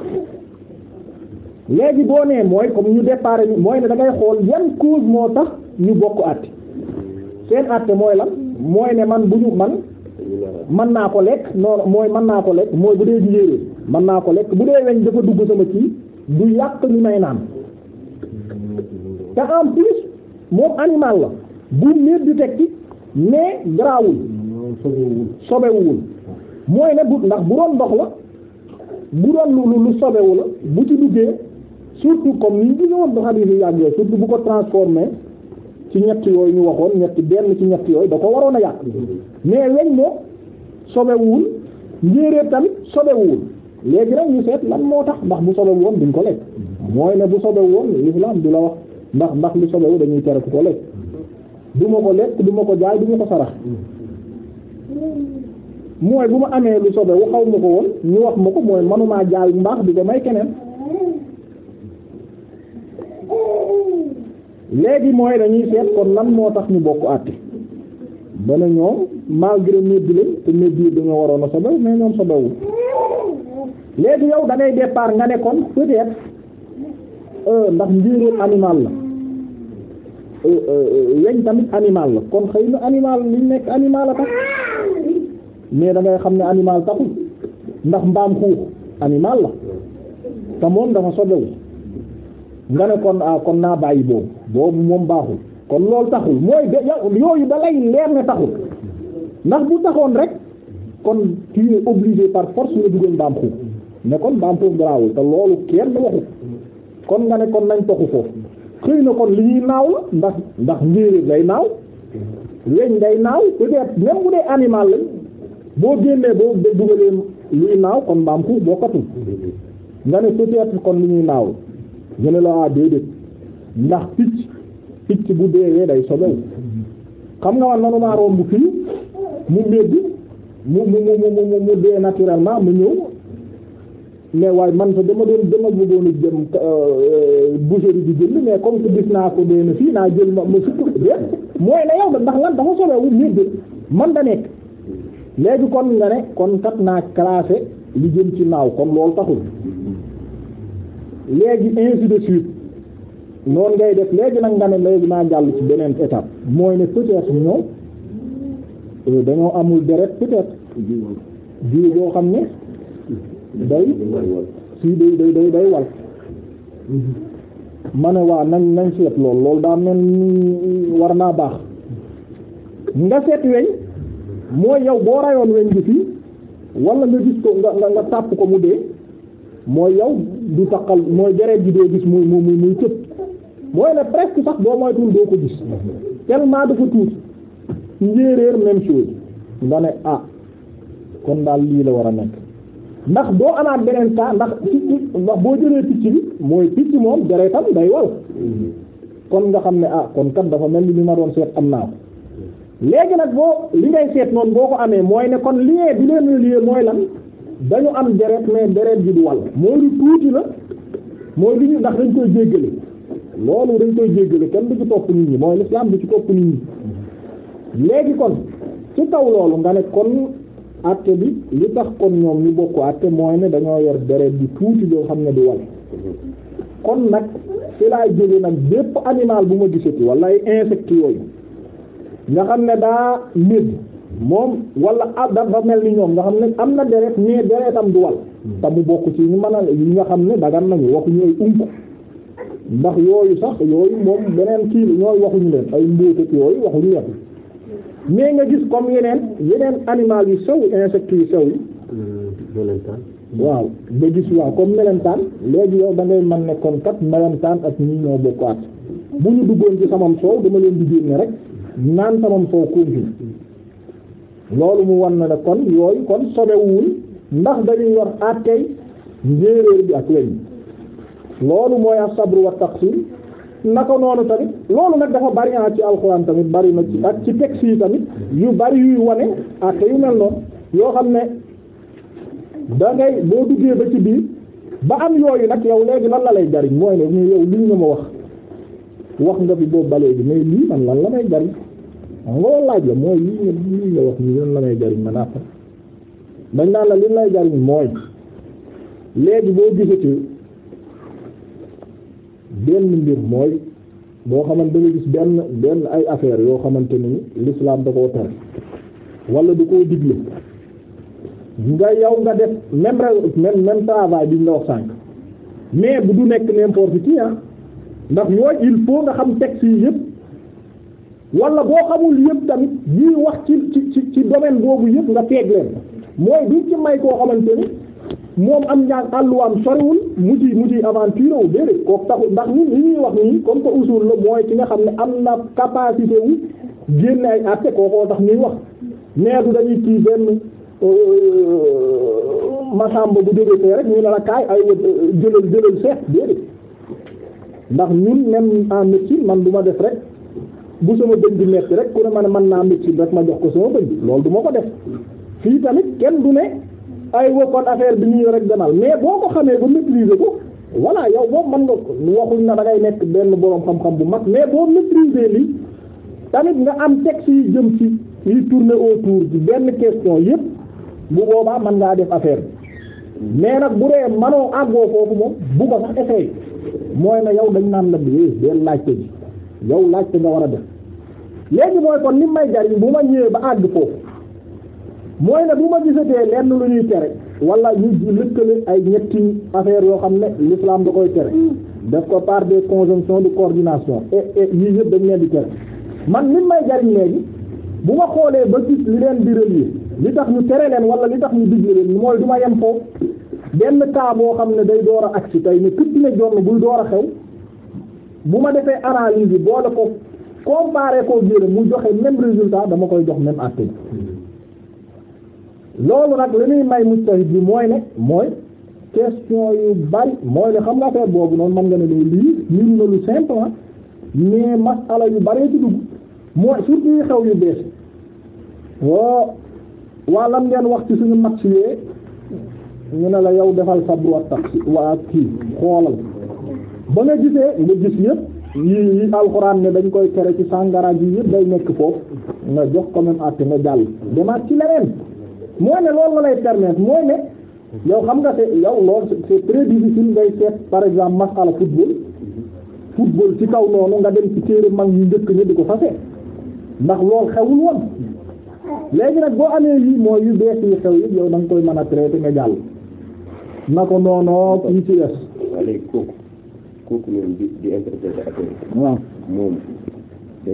léegi boo nee mooy comme ñu départ mooy ne dangay xool yan cause moo tax ñu bokk àtte seen àtte mooy lan mooy ne man bu ñu man mën naa ko lekk noonu mooy mën naa ko lekk mooy bu dee jigéen mën naa ko lekk bu dee weñ dafa dugg sama kii du yàq ñu may naan te en plus moom animal la bu miir di teg ci mais garaawul sobewul mooy ne bu ndax bu doon ndox la bu doon lu lu sobewu la bu ci duggee surtout comme ni ñu woon ba xadis ni yàggee surtout bu ko transformé ci ñett yooyu ñu waxoon ñett benn ci ñett yooyu da ko waroon a yàq mais weñ moom sobewul njéeréer tamit sobewul léegi rek ñu seet lan moo tax ndax bu sobewu woon duñ ko lekk mooy ne bu sobewu woon l'islam du la wax ndax ndax lu sobewu dañuy tere ku ko lekk du ma ko lekk du ma ko jaay du ma ko sarax mooy bu ma amee lu sobewu xaw ma ko woon ñu wax ma ko mooy manumaa jaay mbaax bi ko may keneen léegi mooy dañuy seet kon lan moo tax ñu bokk àtte ba ne ñoom malgré médd te médd yi waroon a sobewu mais ñoom sobewul léegi yow da ngay départ nga ne kon peut euh, ndax njéeréer animal la euh, euh, weñ tamit animal la kon xëy na animal liñ nekk animal a tax mais da ngay xam ne animal taxul ndax mbaam xuux animal la te moom dafa sobewu nga ne kon ah, kon naa bàyyi boobu boobu moom baaxul kon loolu taxul mooy de yooyu da lay leer ne taxul ndax bu taxoon rek kon tu es obligé par force nga duggoon mbaam xuux ne kon mbaam xuux garaawul te loolu kenn waxu kon nga ne kon nañ toxu ko xëy na kon li ñuy naaw la ndax ndax njéeréer ngay naaw weñ ngay naaw peut-être même bu dee animal lañ boo génnee boo dugalee luy naaw kon mbaam xuux bokkatul nga ne peut-être kon li ñuy naaw ñu ne la ah ndax picc picc bu deewee day sobewu xam nga man manumaa romb fii mu mbedd mu mu mu mu mu dee naturellement mu ñëw mais waaye man sax dama doon dama bëggoon a jëm euh, euh, boucherie bi jënd mais comme que gis naa ko dee na fii naa jël ma ma sukk déet mooy na yow ndax lan dafa sobewu mbedd man da nekk léegi kon nga ne kon kat naa classé li jëm ci naaw kon loolu taxul léegi ainsi de suite noonu ngay def léegi nag nga ne léegi naa jàll ci beneen étape mooy ne peut-être ñoom euh, dañoo amul deret peut-être jiw xam ne day si day day day wal ma ne waa nañ nañ seet lool loolu daa mel ni war naa baax nga seet weñ mooy yow boo rayoon weñ gi fii wala nga gis ko nga nga nga tàpp ko mu dee mooy yow du taqal mooy deret ji dee gis mu muy muy cëpp mooy ne presque sax boo moytuwul doo ko gis tellement dafa tuuti njéeréer même chose nga ne ah kon daal lii la war a nekk ndax doo amaat beneen temps ndax picc boo jëlee picc bi mooy picc moom deretam day wal kon nga xam ne ah kon kat dafa mel ni li ma doon seet am naa ko léegi nag boo li ngay seet noonu boo ko amee mooy ne kon lien bi leen lien mooy lan dañu am deret mais deret bi du wal moo lu tuuti la moo li ñu ndax dañ koy jéggale loolu dañ koy jéggale kenn du ci topp nit ñi mooy l'islam du ci topp nit ñi léegi kon ci taw loolu nga ne kon àtte bi li tax kon ñoom ñu bokk àtte mooy ne dañoo yor deret bi tuuti loo xam ne du wal kon nag fi laay jóge nag bépp animal bu ma gisati wala ay insectes yooyu nga xam ne daa médd moom walla wala da dafa mel ni ñoom nga xam ne am na deret mais deretam du wal hmm. te mu bokk ci ñu mën a yi nga xam ne dagan nañu waxuñu ay ump ndax yooyu sax yooyu moom beneen kii ñooy waxuñu leen ay mbóotat yooyu waxuñu leen mais nga gis comme yeneen yeneen animal yu sew insectes yu sew yi waaw nga gis waaw comme melentaan léegi yow da ngay mën ne kon kat melentaan ak ñi ñoo bokkaat bu ñu duggoon ci samam soow dama leen di génne rek naan samam soow continue loolu mu wan na ne kon yooyu kon sobewuñ ndax dañuy yor àtteey njéeréer bi ak weñ loolu mooy as-sabr wa taqsir naka noonu tamit loolu nag dafa bari ah ci alxuraan tamit bari na ci ak ci texte yi tamit yu bari yuy wane ak yu mel noonu yoo xam ne da ngay boo duggee ba ci biir ba am yooyu nag yow léegi lan la lay jariñ mooy ne ñu yow liñ nga ma wax lii man lan la may jariñ loolu laaj la mooy la may man après dañ naan la li léegi boo gisatee. benn mbir mooy boo xamante da nga gis benn benn ay affaire yoo xamante ni l'islam da koo tere walla du koo digle nga yow nga def même même même travail bi nga wax sànq mais bu du nekk n'importe qui ah ndax yooyu il faut nga xam texte yi yëpp wala boo xamul yëpp tamit ñuy wax ci ci ci domaine boobu yëpp nga teg leen mooy duñ ci may koo xamante ni. moom am njàng àlluwaam soriwul mu ci mu ci aventure wu déedéet kooku taxul ndax ñun li ñuy wax nii comme que usul la mooy ki nga xam ne am na capacité wu génne ay àtte kookoo tax ñuy wax mais du dañuy kii benn euh, masamba bu déggee see rek ñu ne la kaay ay euh, jëlal jëlal seet ndax ñun même en médecine man du ma def rek bu sama bëñ di metti rek ku ne ma ne man naa médecine rek ma jox ko sama bëñ loolu du ko def fii tamit kenn du ne. ay wokkoon affaire bi nii rek demal mais boo ko xamee ba maîtriser ko voilà yow boobu mën nga waxuñ na da ngay nekk benn boroom xam-xam bu mag mais boo maîtriser li tamit nga am texte yu jëm ci yuy tourner autour bi benn question yépp bu boobaa mën ngaa def affaire bi mais nag bu dee mënoo àggoo foofu moom bu ko sax essayé mooy na yow dañ naan la bi benn laajte ji yow laajte nga war a def léegi mooy kon li may jariñ bu ma ñëwee ba àgg foofu mooy ne bu ma gisatee lenn lu ñuy tere wala ñu lëkkale ay ñetti affaire yoo xam ne l'islam da koy tere def ko par des conjonctions de coordination et et ñii yëpp dañ leen di tere man nit may jariñ léegi bu ma xoolee ba gis li leen di relier li tax ñu tere leen wala li tax ñu digle leen mooy du ma yem foofu benn cas xam ne day door a agsi tey ne tudd na jonn buy door a xew bu ma defee analyse boole ko comparé koo jële mu joxe même résultat dama koy jox même acte loolu nag li ñuy may mujtahid bi mooy ne mooy question yu bari mooy ne xam nga affaire boobu noonu mën nga ne loolu lii niru lu simple ah, mais masala yu baree ci dugg mooy surtout yu xew yu bees woo waa lan ngeen wax ci suñu match yee ñu ne la yow defal sabr wa tafsir waa kii xoolal ba nga gisee nga gis yëpp yi yi alxuraan ne dañ koy tere ci sàngara ji yëpp day nekk foofu nga jox ko même àtte nga jàll demaat ci leneen mooy ne loolu la lay permettre mooy ne yow xam nga c'est yow loolu c'est très difficile ngay seet par exemple masala football football ci kaw noonu nga dem ci téere mag yu njëkk ñu di ko fase ndax loolu xewul woon léegi nag boo amee lii mooy yu bees yi xew yi yow da nga koy mën a traiter nga jàll na ko noonu ñu ci des. waaw léegi kooku kooku noonu di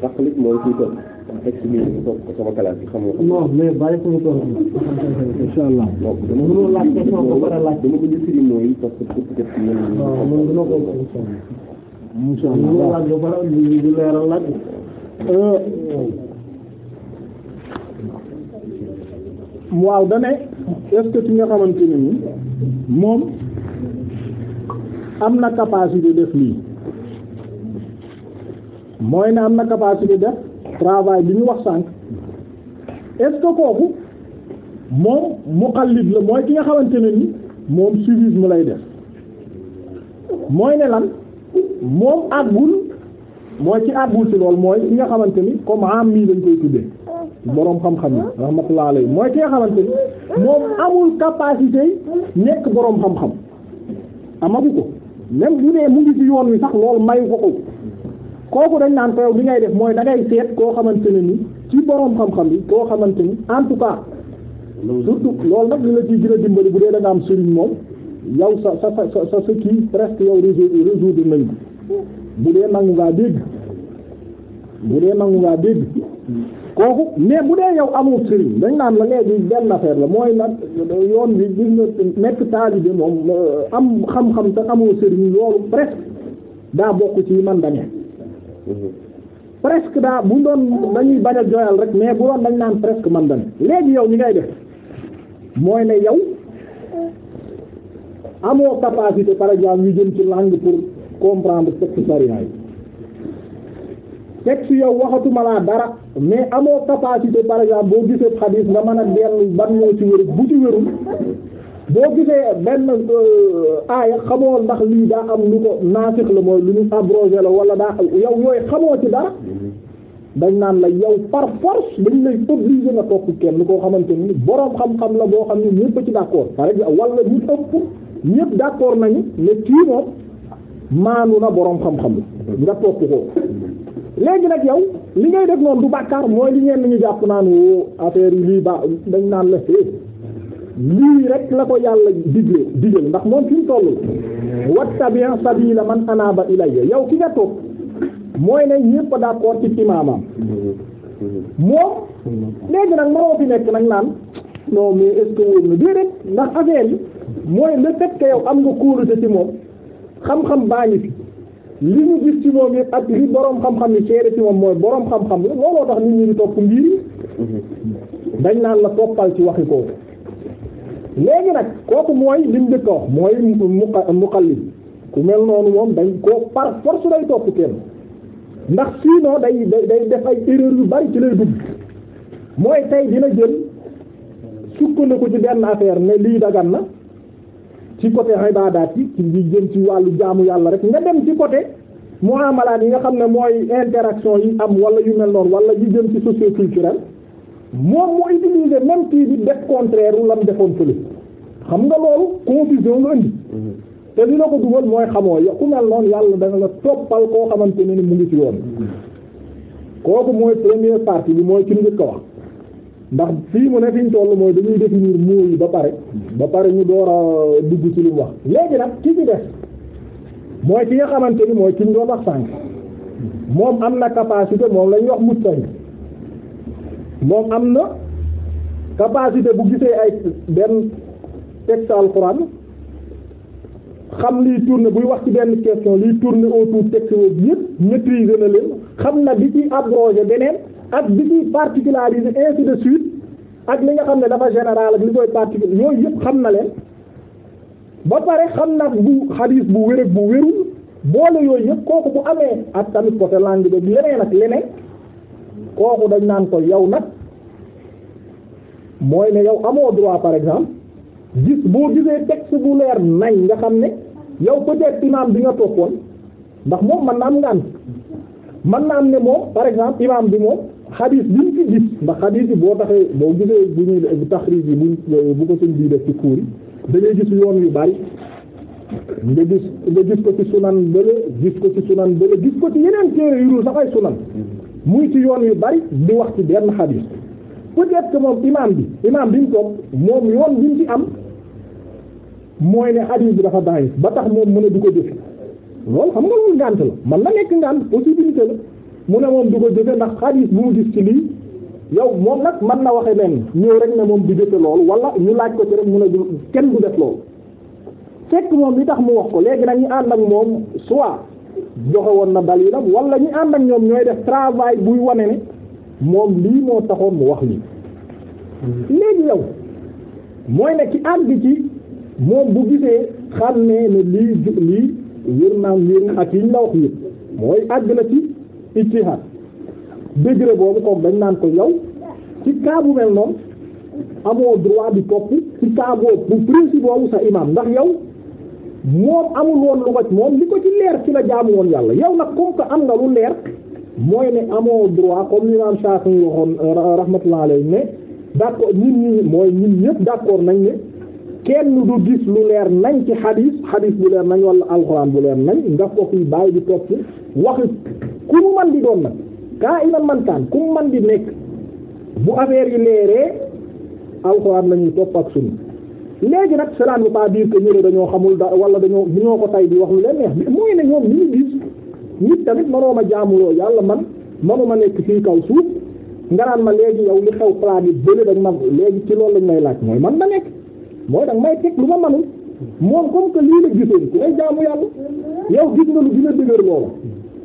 taqlid mooy kuy toog ma xam nga. non mais bàyyi ko mu toog incha allah. donc dama ko laaj question ko war a laaj. dama ko gis firi mooy parce que pour peut être ñoom. Euh, waaw man dina ko incha allah. nga xamante ne na capacité def mooy ne am na capacité def travail bi ñu wax sànq est kooku moom muqallid la mooy ki nga xamante ne ni moom suivisme lay def mooy ne lan moom àggul mooy ci àggul ci lool mooy ki nga xamante ni comme am mii lañ koy tuddee boroom xam-xam yi rahmatullah alayhi mooy ki nga xamante ni moom amul capacité nekk boroom xam-xam amagu ko même bu dee mu ngi ci yoon wi sax loolu mayu ko ko kooku dañ naan ko yow li ngay def mooy da ngay seet koo xamante ne ni ci boroom xam-xam yi koo xamante ni en tout cas surtout lool nag li la ciy gën dimbali bu dee da nga am sëriñ moom yow sa sa sa sa kii presque yow résoudre nañ ko bu dee nangu ngaa dégg bu dee nangu ngaa dégg kooku mais bu dee yow amul sëriñ dañ naan la léegi benn affaire la mooy nag yoon bi gis nekk nekk taalibe moom euh, am xam-xam te amoo sëriñ loolu presque daa bokk ci man dañee presque daa bu doon dañuy bañ a jooyal rek mais bu doon dañ naan presque man dañ léegi yow ñi ngay def mooy ne yow amoo capacité par exemple ñu jëm ci langue pour comprendre texte sariya yi texte yow waxatuma laa dara mais amoo capacité par exemple boo gisee xadiis nga mën a dellu ban moo ci wéru bu ci wérul boo gisee benn euh, aaya xamoo ndax lii daa am lu ko naasix la mooy lu ñu abrogé la wala daa yow yooyu xamoo ci dara dañ naan la yow par force dañ lay obligé nga topp kenn koo xamante ni boroom xam-xam la boo xam ne ñëpp ci d'accord par exemple wala ñu ëpp ñëpp d'accord nañu ne kii moom maanu na boroom xam-xam la nga topp ko léegi nag yow li ngay def noonu du bàkkaar mooy li ñeen ñu jàpp naan woo affaire yi lii ba dañ naan la lii rek la ko yàlla digle digal ndax moom fi mu toll wattabi' sabila man anaba ilayya yow ki nga toog mooy ne ñépp d'accord ci imaamam moom léegi nag mënoo fi nekk nag naan non mais est-ce na déedéet ndax affaire yi mooy le fait que yow am nga kóolute ci moom xam-xam baa ngi fi li ñu gis ci moom yëpp ak li boroom xam-xam yi seere ci moom mooy boroom xam-xam la looloo tax nit ñi di topp mbir dañ naan la toppal ci waxi ko léegi nag kooku mooy lim mu a wax mooy muqallid ku mel noonu moom dañ koo par force day topp kenn ndax sinon day day def ay erreur yu bari ci lay dugg mooy tey dina jën jël ko ci benn affaire ne lii dagan na ci côté ibaadaat yi ci li jëm ci wàllu jaamu yàlla rek nga dem ci côté muamalaat yi nga xam ne mooy interaction yi am wala yu mel noonu wala yu jën ci socio culturel moom moo utiliser même kii bi def contraire lam defoon fële xam nga loolu confusion nga indi te na ko dugal mooy xamoo ya ku mel noonu yàlla dana la toppal koo xamante ne ni mu ngi ci yoon kooku mooy première partie bi mooy ci njëkk a wax ndax fii mu ne fi ñu toll mooy dañuy définir mots yi ba pare ba pare ñu door a dugg ci li mu wax léegi nag ki ci def mooy ki nga xamante ni mooy ki ñu doon wax moom am na capacité moom la ñuy mu mustang moom am na capacité bu gisee ay benn texte alxuraan xam liy tourner buy wax ci benn question liy tourner autour texte boobu yëpp maîtriser na leen xam na bi ciy abrogé beneen ak bi ciy particularisé ainsi de suite ak li nga xam ne dafa général ak li koy particulier yooyu yëpp xam na leen ba pare xam na bu xadiis bu wér ak bu wérul boole yooyu yëpp kooku bu amee ak tamit côté langue bi leneen ak leneen kooku dañ naan ko yow nag mooy ne yow amoo droit par exemple gis boo gisee texte bu leer nañ nga xam ne yow peut-être imaam bi nga toog toppoon ndax moom man na am ngaan man naa am ne moom par exemple imaam bi moom xadiis bi ñu ci gis ndax xadiis boo taxee boo gisee bu ñuy taxriij yi bu ko suñ bii def ci cours yi gis yoon yu bari nga gis nga gis ko ci sunan bële gis ko ci sunan bële gis ko ci yeneen téere yu dul sax ay sunan muy ci yoon yu bari di wax ci benn xadiis peut-être que moom imaam bi imaam bi mu toog moom yoon bi mu ci am mooy ne hadith bi dafa bàyyi ba tax moom mu ne du ko jëfe loolu xam nga loolu ngànt la man na nekk ngànt possibilité la mu ne moom du ko jëfe ndax hadith bu mu gis ci lii yow moom nag man na waxe leen ñëw rek na moom du jëfe loolu wala ñu laaj ko ci rek mu ne du kenn du def loolu fekk moom li tax mu wax ko léegi nag ñu ànd ak moom soit joxe woon na dalilam wala ñu ànd ak ñoom ñooy def travail buy wane ne moom lii moo taxoon mu wax lii léegi yow mooy ne ci àgg ci moom bu gisee xam ne ne lii lii wér naam wér ak yi la wax yëpp mooy àgg na ci ijtihaad degré boobu koog dañ naan ko yow ci cas bu mel noonu amoo droit bi topp ci cas bu principe sa imam ndax yow moom amul woon lu ko moom li ko ci leer ci la jaamu woon yàlla yow nag comme que am nga lu leer mooy ne amoo droit comme li naan saako yi waxoon euh, rahmatullah alayhi ne d'accord ñun ñii mooy ñun ñëpp d'accord nañ ne kenn du gis lu leer nañ ci xadis xadis bu leer nañ wala alxuraan bu leer nañ nga ko fi bàyyi di topp wax ku mu man di doon nag kaa ina mantaan ku mu man di nekk bu affaire yi leeree alxuraan la ñuy topp ak sunna léegi nag cela ne veut pas dire dañoo xamul da wala dañoo wax lu leen mooy ne ñoom li ñu gis nit tamit mënooma jaamuloo yàlla man manuma nekk fii kaw suuf nga naan ma léegi yow li xew planète bële dañ ma léegi ci loolu lañ may laaj mooy man ma nekk mooy danga may teg lu ma manul moom comme que lii la gisoon ku koy jaamu yàlla yow gis nga lu dina dëgër loola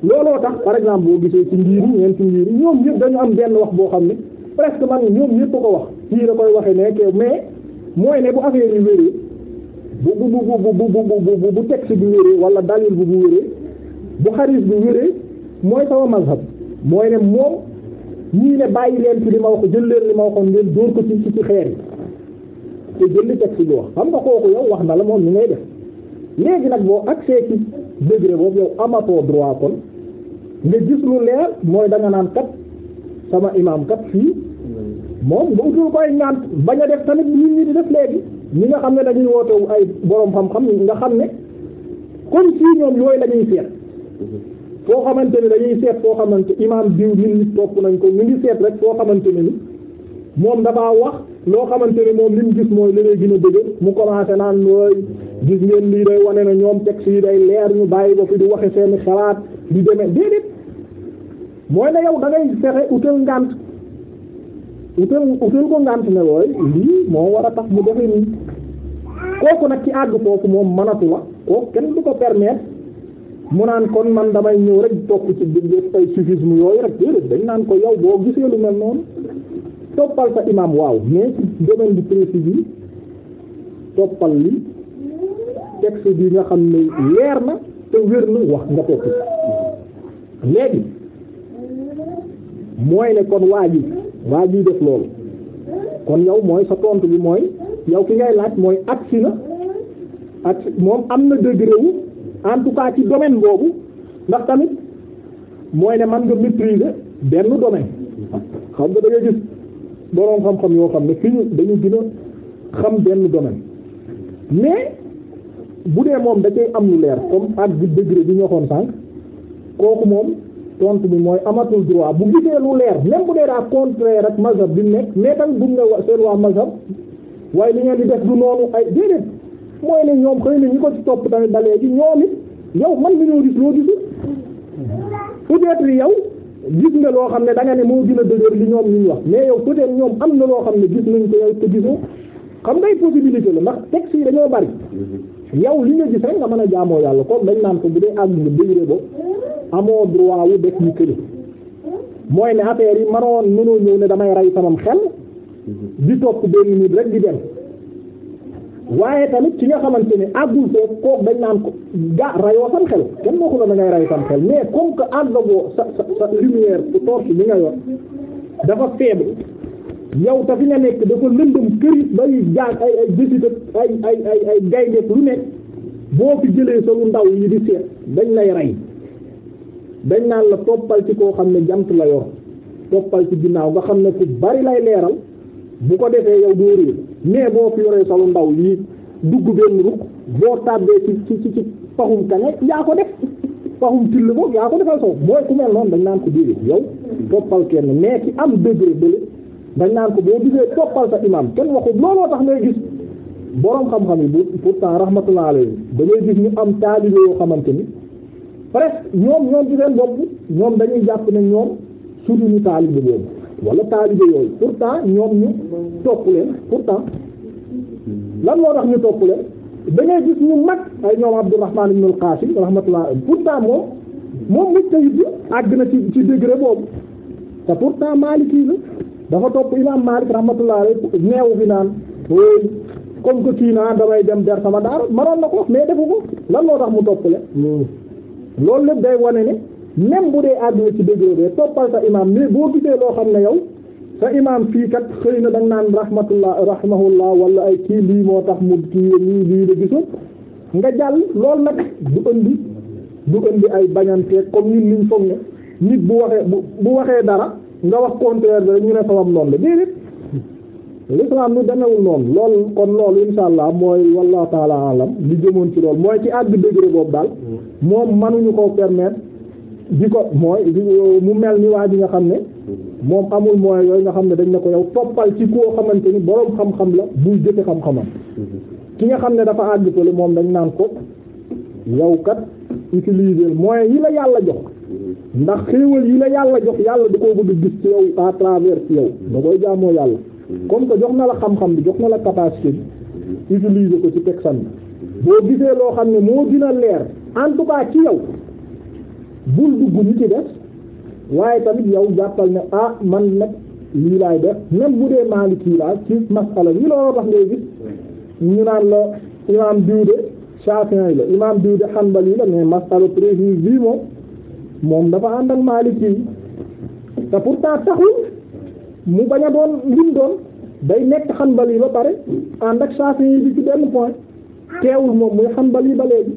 looloo tax par exemple boo gisee ci njiiru ñeenti njiiru ñoom ñëpp dañu am benn wax boo xam ne presque man ñoom ñëpp ko wax kii la koy waxee ne ke mais mooy ne bu affaire yi wéree bu bu bu bu bu bu bu bu texte wala dalil bu bu wéree bu xaris bi wéree mooy sama mazhab mooy ne moom ñii ne bàyyi leen ci li ma wax jël leen li ma waxoon ngeen dóor ko ci ci ci xeer yi te jël teg ci lu wax xam nga kooku yow wax na la moom ñu ngay def léegi nag boo accès ci degré boobu yow amatoo droit kon nga gis lu leer mooy danga naan kat sama imaam kat fii moom nga utul koy ñaan bañ a def tamit nit ñi di def léegi ñi nga xam ne dañuy wootewu ay boroom xam-xam nga xam ne comme si ñoom yooyu la ñuy foo xamante ni dañuy seet foo xamante imaam diw nit topp nañ ko ñu ngi seet rek foo xamante ni moom dafaa wax loo xamante ni moom li mu gis mooy li lay gën a mu commencé naan mooy gis ngeen lii day ñoom texte yi day leer ñu bàyyi ba fi di waxe seeni xalaat di demee déedéet mooy yow da ngay fexe utal ngànt utal utal ko ngànt ne wooy lii moo war a tax mu defe nii kooku nag ci àgg foofu moom mënatu la kooku kenn du ko permettre mu naan kon man damay ñëw rek topp ci digg ay suffisme yooyu rek déedéet dañ naan ko yow boo gisee lu mel noonu toppal sa imaam waaw mais ci domaine bi précis toppal li texte bi nga xam ne leer na te wér na wax nga topp léegi mooy ne kon waa ji waa ji def loolu kon yow mooy sa tontu bi mooy yow ki ngay laaj mooy agsi na agsi moom am na degré wu en tout cas ci domaine boobu ndax tamit mooy ne man nga maîtriser benn domaine xam nga da ngay gis boroom xam-xam yoo xam ne fi ñu dañu gën xam benn domaine mais bu dee moom da am lu leer comme ak bi degré di ñu waxoon kooku moom tontu mi mooy amatul droit bu gisee lu leer même bu dee daa contraire ak mazhab bi nekk mais tamit bu ñu ne seen waa mazhab waaye li ngeen di def du noonu ay déedéet. mooy ne ñoom xëy na ñu ko ci topp tamit ba léegi ñoom it yow man nañoo gis loo gisul peut-être yow gis nga loo xam ne danga nga ne moo gën a dëgër li ñoom ñu wax mais yow peut-être ñoom am na loo xam ne gis nañ ko yow te gisoo xam ngay possibilité la ndax texte yi dañoo bari yow li nga gis rek nga mën a jaamoo yàlla comme dañ naan ko bu dee àgg nga dégré bo amoo droit wu def ñu këri mooy ne affaire yi manoon mënoo ñëw ne damay rey samam xel di topp benn nit rek dem waaye tamit ki nga xamante ne àggul foofu kooku dañ naan ko ga rayoo sam xel kenn waxu la da ngay ray sam xel mais comme que àggagoo sa sa sa lumière bu torche bi nga yor dafa faible yow ta nga nekk dafa lëndëm këri bay jaar ay ay jësit ay ay ay ay gaynde lu nekk boo fi jëlee sa lu ndaw yi di seet dañ lay rey dañ naan la toppal ci koo xam ne jant la yor toppal ci ginnaaw nga xam ne ku bari lay leeral bu ko defee yow doo réer mais boo fi yoree salu ndaw lii dugg benn ruq boo tàbbee ci ci ci ci paxum kañe yaa ko def paxum till boobu yaa ko defal sow mooy ku mel noonu dañ naan ko déedéet yow toppal kenn mais ci am degré bële dañ naan ko boo gisee toppal sa imam kenn waxu looloo tax ngay gis boroom xam-xam yi bu pourtant rahmatullah alayhi da ngay gis ñu am taalibe yoo xamante ni presque ñoom ñoom ci seen bopp ñoom dañuy jàpp ne ñoom suñu taalibe boobu wala taalibe yooyu pourtant ñoom ñu topp leen pourtant lan moo tax ñu topp leen da ngay gis ñu mag ay ñoom Abdourahman ibn al-Qasim rahmatullah pourtant moom moom mujtahid bi àgg na ci ci degré boobu te pourtant Maliki la dafa topp imam Malik rahmatullah alayhi neewu fi naan comme que kii naa damay dem der sama daara maroon na ko mais defu ko lan moo tax mu topp leen hmm. loolu lépp day wane ne. même bu dee àdduna ci dégré bee toppal sa imaam boo gisee loo xam ne yow sa imaam fii kat xëy na da nga naan rahmatullah rahmahullah wala ay kii lii moo tax mu kii nii lii la gisul nga jàll loolu nag du ëndi du ëndi ay bañanteeg comme ñun liñ foog ne nit bu waxee bu bu waxee dara nga wax contraire bi ñu ne sabab noonu la déedéet l'islam lu demewul noonu loolu kon loolu insha allah mooy wallahu taala alam li jëmoon ci loolu mooy ci àgg degré boobu daal moom mënuñu koo di ko mooy euh, mu mel ni waa ji nga xam ne moom amul mooy yooyu nga xam ne dañ ne ko yow toppal ci koo xamante ni boroom xam-xam la buy jëfe xam-xamam ki nga xam ne dafa àgg fële moom dañ naan ko yow kat utiliser moyens yi la yàlla jox ndax xéewal yi la yàlla jox yàlla da koo bëgg gis ci yow à travers ci yow da koy jàmmoo yàlla comme que jox na la xam-xam bi jox na la capacité bi utiliser ko ci teg san boo gisee loo xam ne moo gën a leer en tout cas ci yow bul dugg ni ci des waaye tamit yow jàppal ne ah man nag lii laay def même bu dee Maalik yi laa ci masala yi loolu tax ngay gis ñu naan la imaam diw de Shafi'i la imaam diw de Hanbali la mais masala précise bii moom moom dafa ànd ak Maalik yi te pourtant taxul mu bañ a doon lim doon day nekk Hanbali ba pare ànd ak Shafi'i bi ci benn point teewul moom muy Hanbali ba léegi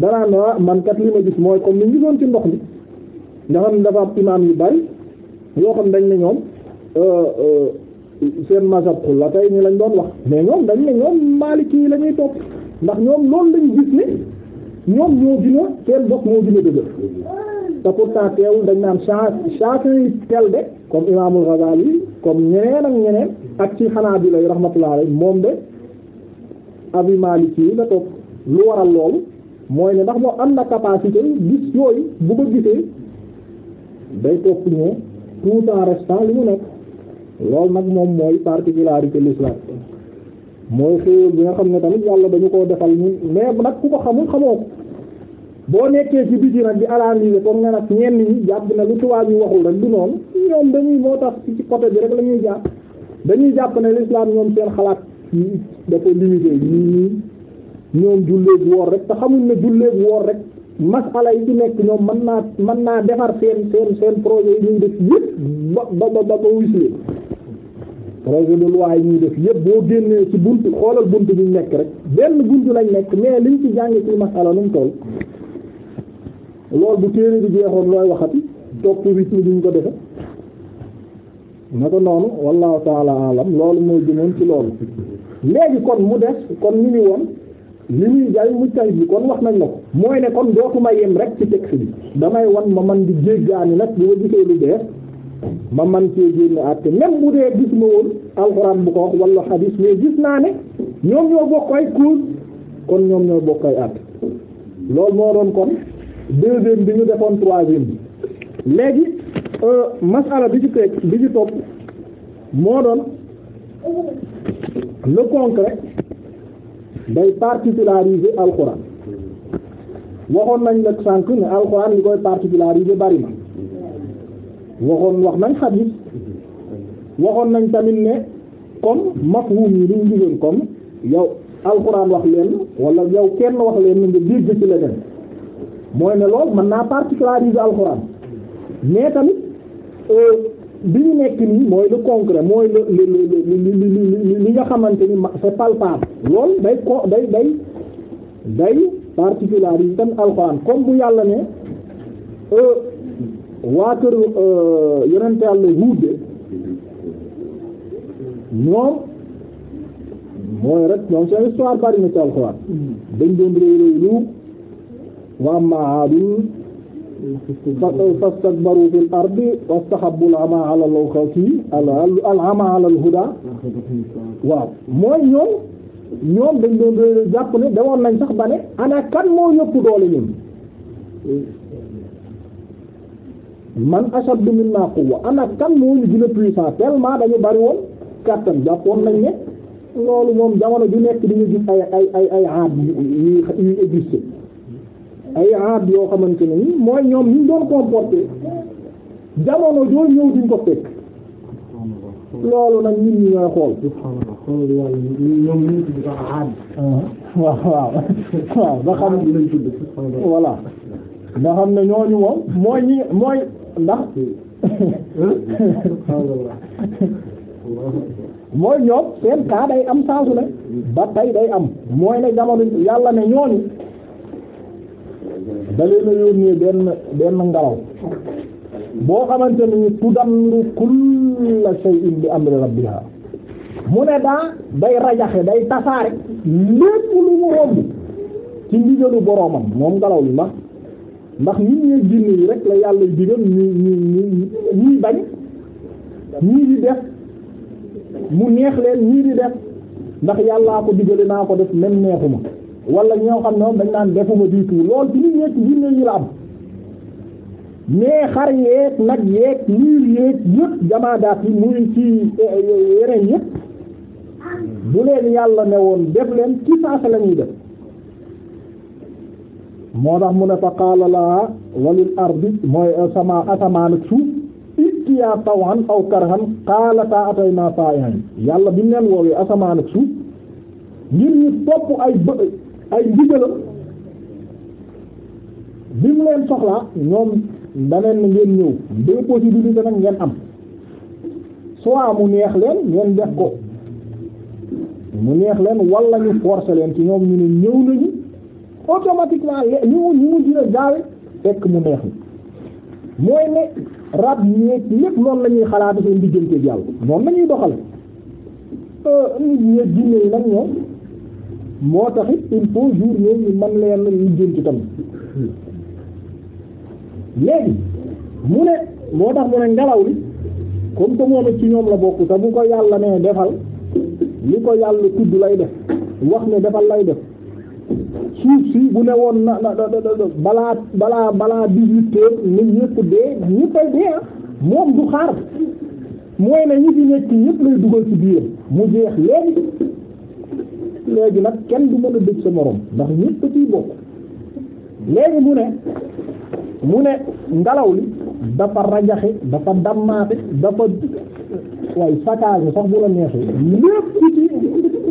danaa ne man kat li ma gis mooy comme ni ñu ci ndox mi nga xam dafa imaam yu bari yoo xam dañ ne ñoom euh, euh, seen mazhab la tey ñu lañ doon wax mais ñoom dañ ne ñoom Maliki yi topp ndax ñoom loolu lañ gis ne ñoom ñoo gën seen bopp moo gën a dëgër te pourtant teewul dañ naan chance chance yi tel de comme imaamul Ghazali comme ñeneen ak ñeneen ak ci Hanabila yi rahmatullah alayhi moom de abi Maliki yi la topp lu waral loolu. mooy ne ndax moom am na capacité gis yooyu bu ko gisee day topp ñoo tout en restant li mu nekk loolu nag moom mooy particularité l'islam mooy xéewal bi nga xam ne tamit yàlla dañu koo defal ñun mais nag ku ko xamul xamoo ko boo nekkee ci biti nag di analyser comme nga nag ñenn ñi jàpp na lu tubaab yi waxul rek du noonu ñoom dañuy moo tax ci côté bi rek la ñuy jàpp dañuy jàpp ne l'islam ñoom seen xalaat yi dafa limité ñii ñoom julleeg woor rek te xamuñ ne julleeg woor rek masala yi di nekk ñoom man naa man naa defar seen seen seen projet yi ñuy def yëpp ba ba ba ba wisle projet de loi yi ñuy def yëpp boo génnee ci bunt xoolal bunt bi ñu nekk rek benn buntu lañ nekk mais liñ ci jàng ci masala nu mu toll loolu bu téere bi jeexoon looy waxati topp bi ci duñ ko defe na ko noonu wallahu taala alam loolu mooy jëmoon ci loolu léegi kon mu des kon ñu ngi woon li muy jaay mujtahid bi kon wax nañ la ko mooy ne kon dootuma yem rek ci texte bi damay wan ma man di jéggaani nag bu ma gisee lu bees ma man cee génne àtte même bu dee gis ma woon alxuraan bu ko wax wala xadiis mais gis naa ne ñoom ñoo bokk ay clause kon ñoom ñoo bokk ay àtte loolu moo doon kon deuxième bi ñu defoon troisième bi léegi euh, masala bi ci teg bi ci topp moo doon le concret day particulariser alxuraan waxoon nañ nag sànq ne alxuraan li koy particulariser bari na waxoon wax nañ xadiis waxoon nañ tamit ne comme mafhum yi luñ gisoon comme yow alxuraan wax leen wala yow kenn wax leen nga dégg ci leneen mooy ne loolu mën naa particulariser alxuraan mais tamit euh, bi ñu nekk nii mooy le concret mooy le le le li nga xamante ni c'est palpable loolu day ko day day day particularité tam alxuraan comme bu yàlla ne euh, waa kër euh, yonent yàlla Huud ñoom mooy rek ñoom seen histoire bari na ci alxuraan mm. dañ doon réew lu waa Maadul fastakbaru fil ardi wastahabbu al ama ala al khafi al ama ala al huda waaw mooy ñoom ñoom dañ doon jàpp ne dawoon nañ sax ba ne ana kan moo yëpp doole ñun man ashaddu minna quwwa ana kan moo ñu gën a puissant tellement dañu bari woon kàttan jàppoon nañ ne loolu moom jamono ju nekk dañu gis ay ay ay ay aad yu yu existé ay aad yoo xamante ne ni mooy ñoom ñu doon comporté jamono joo ñëw duñ ko fekk loolu nag ñun ñu ngay xool waaw waaw waaw nga xam voilà nga xam ne ñooñu moom mooy ñi mooy ndax mooy ñoom seen kaa day am saasu ne ba tey day am mooy ne jamono yàlla ne ñooñu da leen a yónnee benn benn ngelaw boo xamante ni tudammiru kulla shay'in bi amri rabbiha mu ne daa day rajaxe day tasaare lépp lu mu romb ci ndigalu boroomam moom ngelaw li ndax ndax nit ñee jinne yi rek la yàlla digal ñu ñu ñuy bañ ñii di def mu neex leen ñii di def ndax yàllaa ko digale naa ko def même neexuma wala ñoo xam ne moom dañ naan defuma du tout bi ci nit ñeeg jinne yi la am mais xar yeeg nag yeeg liir yeeg yëpp jamaadaat yi muy ci eh, yeneen yëpp bu leen yàlla ne woon def leen ci saasa lañuy ñuy def moo tax mu ne fa qaala laa walil ardi mooy sama asamaan ak suuf ittiyaa tawan aw karhan qaalataa ataynaa taa'i'iin yàlla bi ñu leen woowee asamaan ak suuf ngir ñu topp ay bë ay ndigalam bi mu leen soxlaa ñoom daneen na ngeen ñëw deux possibilités nag ngeen am soit mu neex leen ngeen def ko mu neex leen wala ñu forcer leen ci ñoom ñu ne ñëw nañu automatiquement le ñu ñu mu dina gaawe fekk mu neex ni mooy ne rab ñeeg ñépp noonu la ñuy xalaat seen diggante yàlla noonu la ñuy doxal euh, nit ñeeg yi nag ñoom moo taxit il faut jour yooyu ñu mën leen ñu jënti tamit léegi mu ne moo tax mu ne ngelaw li comme que moom it ci ñoom la bokk te bu ko yàlla nee defal li ko yàlla tudd lay def wax ne defal lay def suuf si bu ne woon na na balaa balaa balaa dix-huit heures nit ñëpp dee ñëppay dee ah moom du xaar mooy ne ñi fi nekk ñëpp lay dugal ci biir mu jeex léegi léegi nag kenn du mën a dëj sa moroom ndax ñëpp ciy bokk léegi mu ne mu ne ngelaw li dafa rajaxe dafa dammaate dafa waaye saccage sax bu la neexee lépp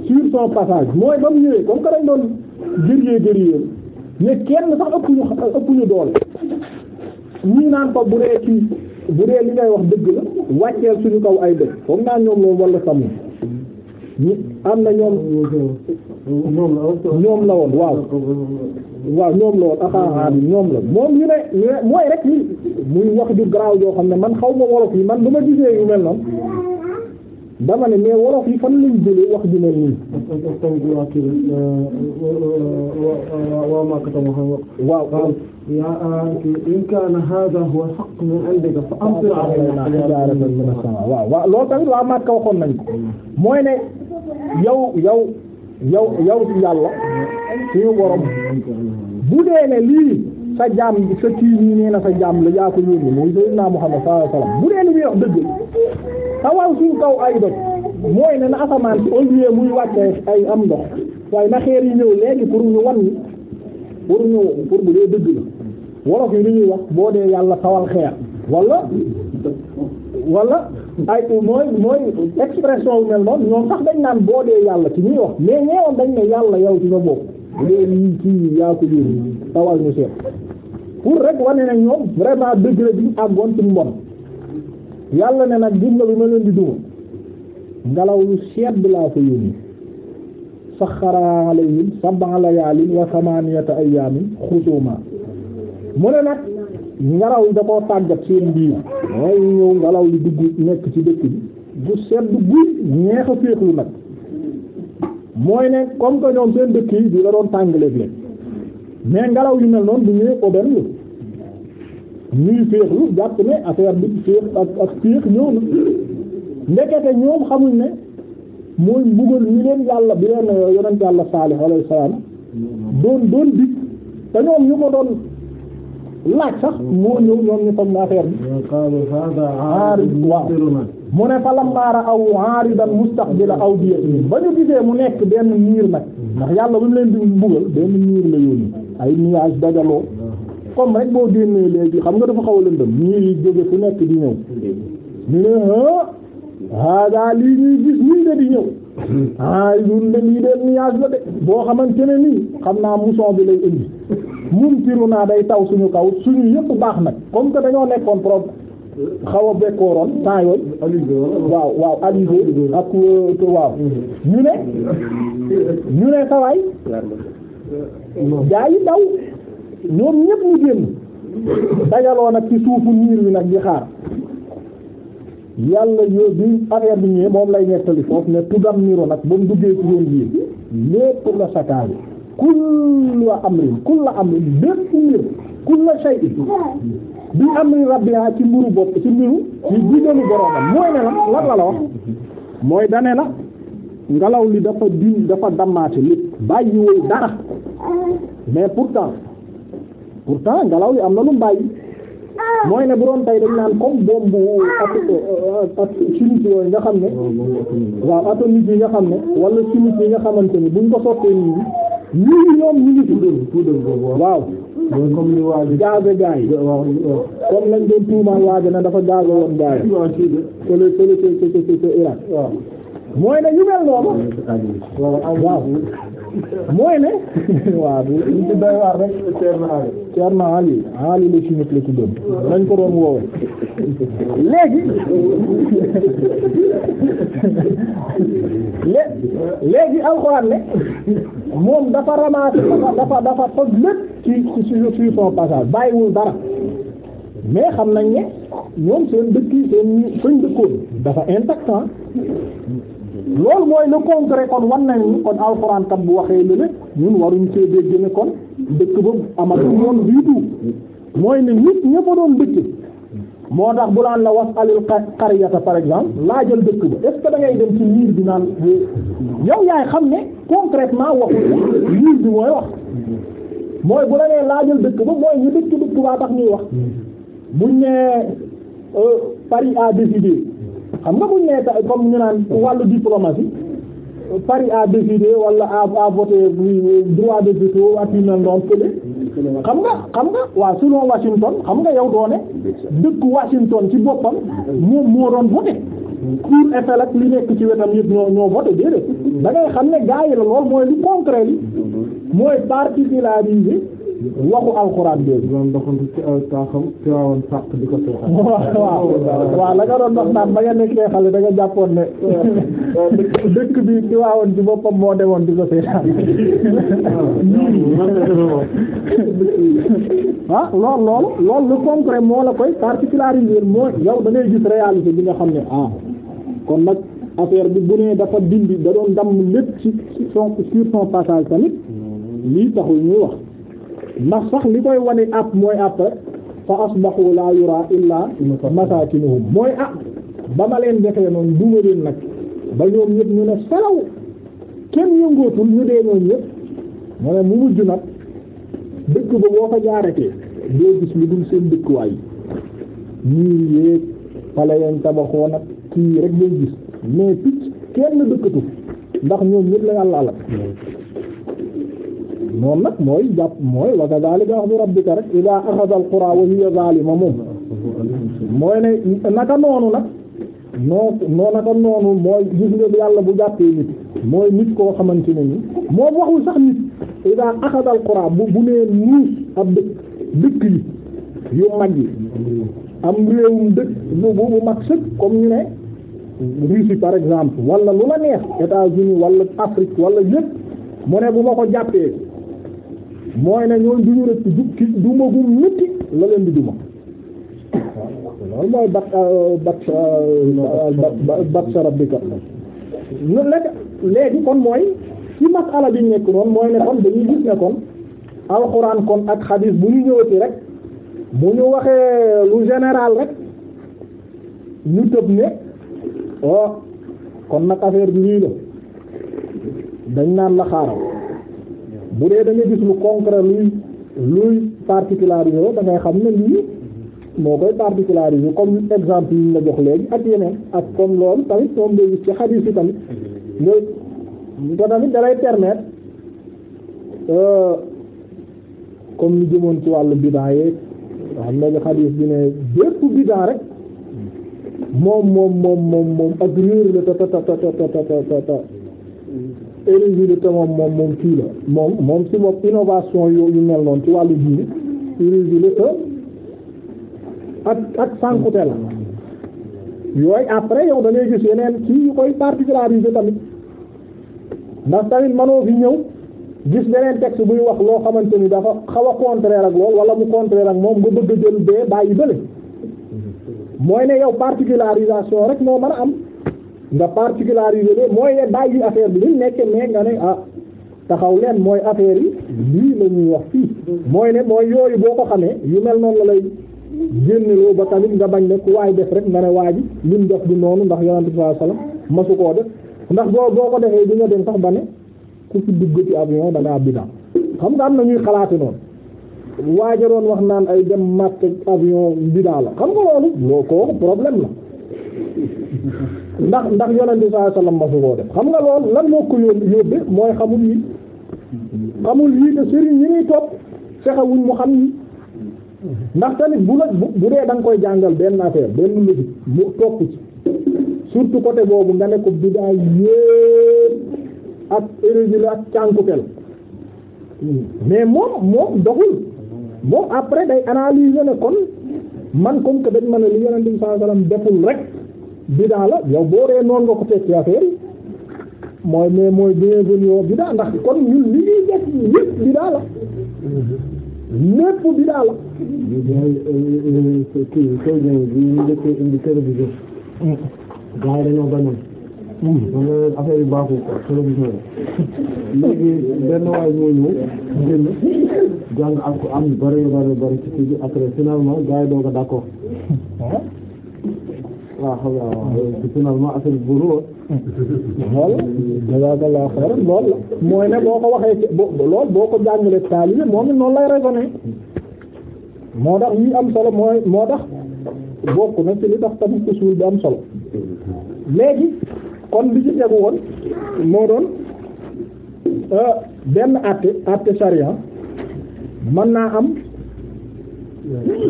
ci sur son passage mooy ba mu ñëwee comme que dañ doon gërëyee gërëyee mais kenn sax ëpp ñu ëpp ñu doole ñii naan ko bu dee ci bu dee li ngay wax dëgg la wàcceel suñu kaw ay dëkk comme naa ñoom loolu wala samul ñu am na ñoom ñoom la woon waaw ñoom la woon axaaxaa bi ñoom la moom ñu ne mooy rek li muy wax ju garaaw joo xam ne man xaw ma wolof yi man bu ma gisee yu mel noonu dama ne mais wolof yi fan lañ jëlee wax ju mel nii waaw in kaana haaza huwa al-haqq min indika fa mooy ne yaw yow yow yow ci yàlla suñu bu dee ne lii sa jaam sa kii ñi nee na sa jaam la yaa ko yónni mooy sayyidina Muhammad sallallahu alayhi wasallam bu dee li muy wax dëgg xawal suñ kaw ay doj mooy ne na asamaan si au muy wàccee ay am ndox waaye na xeer yi ñëw léegi pour ñu wan ni pour ñu pour bu dee dëgg la wolof yi li ñuy wax boo dee yàlla tawal xeer wala wala ay mooy mooy expression yu mel noonu ñoom sax dañ naan boo dee yàlla ci ñuy wax mee ñeewoon dañ ne yàlla yow ci sa bopp dee nii kii yaa ko yóru tawal ñu seet pour rek wane ne ñoom vraiment degré bi àggoon ci mbon yàlla ne nag gis bi ma leen di duma ngelaw lu sedd laa ko yónni saxara alayhim sab'a layaalin wa thamaniyata ayyaamin xusuuma mu ne nag ngelaw da koo tàggat seen biir waaye ñëw ngelaw li dugg nekk ci dëkk bi bu sedd guy neex a féexlu nag mooy ne comme que ñoom seen dëkk yi di la doon tàngaleeg leen mais ngelaw yu ne noonu ko benn ñuy féexlu jàpp ne affaire bi féex ak féex ñëw na ndekete ñoom xamuñ ne mooy mbugal ñu leen yàlla bi leen yonent yàlla Saalih alayhi salaam doon doon dig te ñoom ñu ko doon. laaj sax moo ñëw ñoom ñu toog na affaire bi aarid waaw mu ne fa lammaara aw aaridan mustaqbila awdiyati ba ñu gisee mu nekk benn niir nag ndax yàlla ba mu leen di mbugal benn niir la yónni ay nuage dajaloo comme rek boo génnee léegi xam nga dafa xaw a lëndëm niir yi jóge fu nekk di ñëw hada lii ñuy gis nii de di ñëw ah ñun de lii de nuage la de boo xamante ne nii xam naa mousson bi lay indi mumtiru naa day taw suñu kaw suñu yëpp baax nag kom que dañoo nekkoon trop xaw a bekkooroon temps yooyu waaw waaw alisé ak euh, waaw ñu ne ñu ne sawaay gaa yi daw ñoom ñu génn dajaloo nag ci suufu niir wi nag di xaar yàlla yooyu bi affaire bi ñëwee moom lay nettali foofu ne tudam niro nag ba mu duggee ci seen biir lépp la sakaari kullu amrin kullu amrin bépp la kullu shay bi amri rabbiha ci mbiru bopp ci mbiru ci digalu boroomam mooy ne la lan mooy dane la ngelaw li dafa din dafa dammaate lépp bàyyiwul dara mais pour pour pourtant ngelaw li am na lu mu bàyyi mooy ne bu doon tey dañ naan comme bombu ak euh, chimique yooyu nga xam ne waaw atomique yi nga xam ne wala chimique yi nga xamante ni buñ ko sottee nii ñii ñoom ñu ngi ci waaw comme li waa ji gazé gars yi comme lañ doon tuumaal waajo na dafa gazé woon gars yi solo solo solo solo Irak mooy ne ñu mel noonu mooy ne waaw li ci doy waar rek Cerno Ali Ali la ci nit la ci doon lañ ko doon woowe léegi lé léegi alxuraan ne moom dafa ramassé dafa dafa toj lépp ci ci ci son passage bàyyiwul dara mais xam nañ ne ñoom seen dëkk yi seen fañ dëkkoon dafa intact loolu mooy le concret kon wan nañu kon alxuraan kat bu waxee lu ne ñun waruñ see gën ne kon dëkk ba amatul hmm. yoon du tout mooy ne nit ñëpp dëkk moo tax bu laan la wasalil qariyata par exemple laajal dëkk ba est ce da ngay dem ci liir di naan eh, yow yaay xam ne concrètement waxul liir bi mooy wax mooy bu la nee laajal dëkk ba mooy ñu dëkk dëkk baa tax ñuy wax hmm. buñ ne euh, Paris a décidé. xam nga buñ nee ta- comme ñu naan wàllu diplomatie a décidé wala a a voté droit de veto ak yu xam nga xam nga waaw selon Washington xam nga yow doone dëkk Washington ci boppam moom moo doon voté cour Eiffel ak li nekk ci wetam yëpp ñoo ñoo voté déedéet da xam ne gaa yi la lool mooy lu concret li mooy particularisé waxu alxuraan bi doon doxantu ci aw waaw waaw la nga doon wax naan ba nga nekkee xale da jàppoon ne dëkk bi ci waawoon ci boppam moo demoon di ko seetaan ah lool loolu loolu lu concret moo la koy particulariser mooy yow da ngay gis réalité bi nga xam ne ah kon nag affaire bi bu nee dafa dindi da doon damm lépp ci son sur son passage tamit lii taxul ñuy wax ndax sax li koy wane àpp mooy après fa asbahu la yura illa masakinuhum mooy àpp ba ma leen defee noonu duma leen nag ba ñoom ñëpp ñu ne salaw kenn yëngootul ñu dee ñoom ñëpp mu ne mujj nag dëkk ba boo fa jaaratee doo gis lu dul seen dëkkuwaay ñii yéeg pale yañ tabaxoo nag kii rek ngay gis mais picc kenn dëkkatu ndax ñoom ñëpp la yàlla alal noonu nag mooy jàpp mooy wa kadhalika axdu rabbika rek ila axada al qura wa hiya zalima moom mooy ne noonu nag noo noo noonu mooy gis nga yàlla bu jàppee nit mooy nit koo xamante ne moo moom waxul sax nit ila axada al bu bu nee nuus ab dëkk dëkk yu mag yi am réewum dëkk bu bu mag sëkk comme ñu ne Russie par exemple wala lu la neex États-Unis wala Afrique wala yëpp mu ne bu ma ko jàppee mooy ne ñoom du ñu du duma gu métti la leen di duma loolu mooy bat bat bat sarab bi kat ñun nag léegi kon mooy ci masala bi ñu nekk noonu mooy ne kon dañuy gis ne kon alxuraan kon ak xadiis bu ñu ñëwati rek bu ñu waxee lu général rek ñu tëb ne oh kon nag affaire bi lii la dañ naan la xaaral. bu dee da nga gis lu concret luy luy particularisé da ngay xam ne lii moo koy particularisé comme exemple yi ñu jox léegi ak yeneen ak comme loolu tamit moom day ci xadiis yi tamit ngay te tamit dalay permettre euh, comme ni jëmoon ci wàllu bidaa yeeg xam nga xadiis moom moom moom moom moom ak réer la ta ta ta érigide te moom moom moom fii la moom moom si moom innovation yooyu mel noonu ci wàllu diine érigide te ak ak sànkute la yooyu après yo da ngay gis yeneen kii yu koy particularisé tamit ndax tamit manoo fi ñëw gis beneen texte buy wax loo xamante ni dafa xaw a contraire ak lool wala mu contraire ak moom nga bëgg a jël bee bàyyi bële mooy ne yow particularisation rek moo mën a am nga particularisé leen mooy bàyyi affaire bi ñu nekkee mais nga ne ah taxaw leen mooy affaire yi lii la ñuy wax fii mooy ne mooy yooyu boo ko xamee yu mel noonu la lay génneloo ba tamit nga bañ ne ku waay def rek nga ne waa ji lim def du noonu ndax yonent bi sallallahu alayhi masu koo def ndax boo boo ko defee di nga dem sax ba ne ku fi dugg ci avion da ngaa bida xam nga am na ñuy xalaate noonu waaja doon wax naan ay dem matt avion bida la xam nga loolu loo ko ndax ndax yonente sallallahu alayhi wasallam masu koo def xam nga lool lan moo ko yóbbe mooy xamul yi xamul yi te sëriñ yi ñuy topp fexewuñ mu xam yi ndax tamit bu la bu dee da nga koy jàngal benn affaire benn logique mu topp ci surtout côté boobu nga ne ko biddaa yépp ak érégulé ak cànkutel mais moom moom doxul moom après day analyser ne kon man comme que dañ mën a li yonente bi sallallahu deful rek bidaa la yow boo ree noonu nga ko tekki affaire yi mooy mais mooy bienvenue au bidaa ndax kon ñun li ñuy def lépp bidaa la lépp bidaa la. kii Sénégal bi ñu njëkkee indi télévision. gars yi dañoo bañoon. man la affaire yu baaxul quoi télévision yi. léegi benn waay moo ñëw. génn jàng ak am bari bari bari ci kii bi après finalement gars yi doo ko d'accord. waaw xam nga waaw la mooy ne boo ko waxee ci loolu boo ko jàngale taalibe moom it noonu lay raisonné moo tax ñi am solo mooy moo tax bokk na ci li tax tamit usul bi am solo léegi kon bi ci tegu woon moo doon euh, benn àtte àtte sharia mën naa am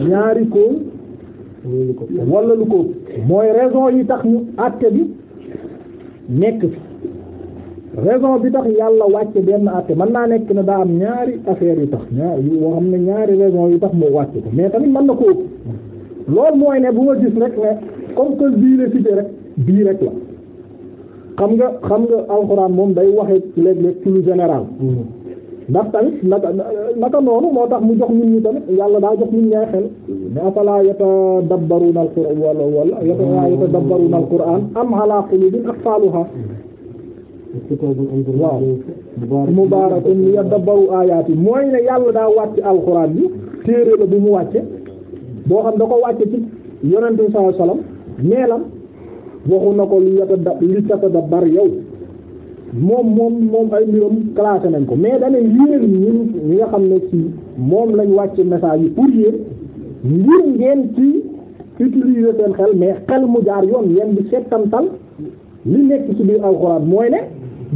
ñaari kóol wala lu ko mooy raison yi tax ñu àtte bi nekk fi raison bi tax yàlla wàcce benn àtte mën naa nekk na daa am ñaari affaire yu tax ñaar yu woo xam ne ñaari raison yu tax moo wàcce ko mais tamit mën na ko loolu mooy ne bu ma gis rek ne comme que bii la cité rek bii rek la xam nga xam nga alxuraan moom day waxe léeg-léeg ci lu général mm-hmm. ndax tamit naka naka noonu moo tax mu jox ñun ñi tamit yàlla daa jox ñun ñay xel ne afala yatadabbaruna alquran wala wala afala yatadabbaruna alquran am ala qulubin aqfaluha waaw mubarakun liyadabbaru ayati mooy ne yàlla daa wàcc alquran bi téere la bu mu wàcce boo xam da ko wàcce ci yonente bi sallallahu meelam waxu na ko li yata da li tatadabbar yow moom moom moom ay mbiram classé nañ ko mais dañuy yéen ñun ñi nga xam ne ci moom lañ wàcce message yi pour yéen ngir ngeen ci utiliser seen xel mais xel mu jaar yoon yéen di settantal li nekk ci biir alxuraan mooy ne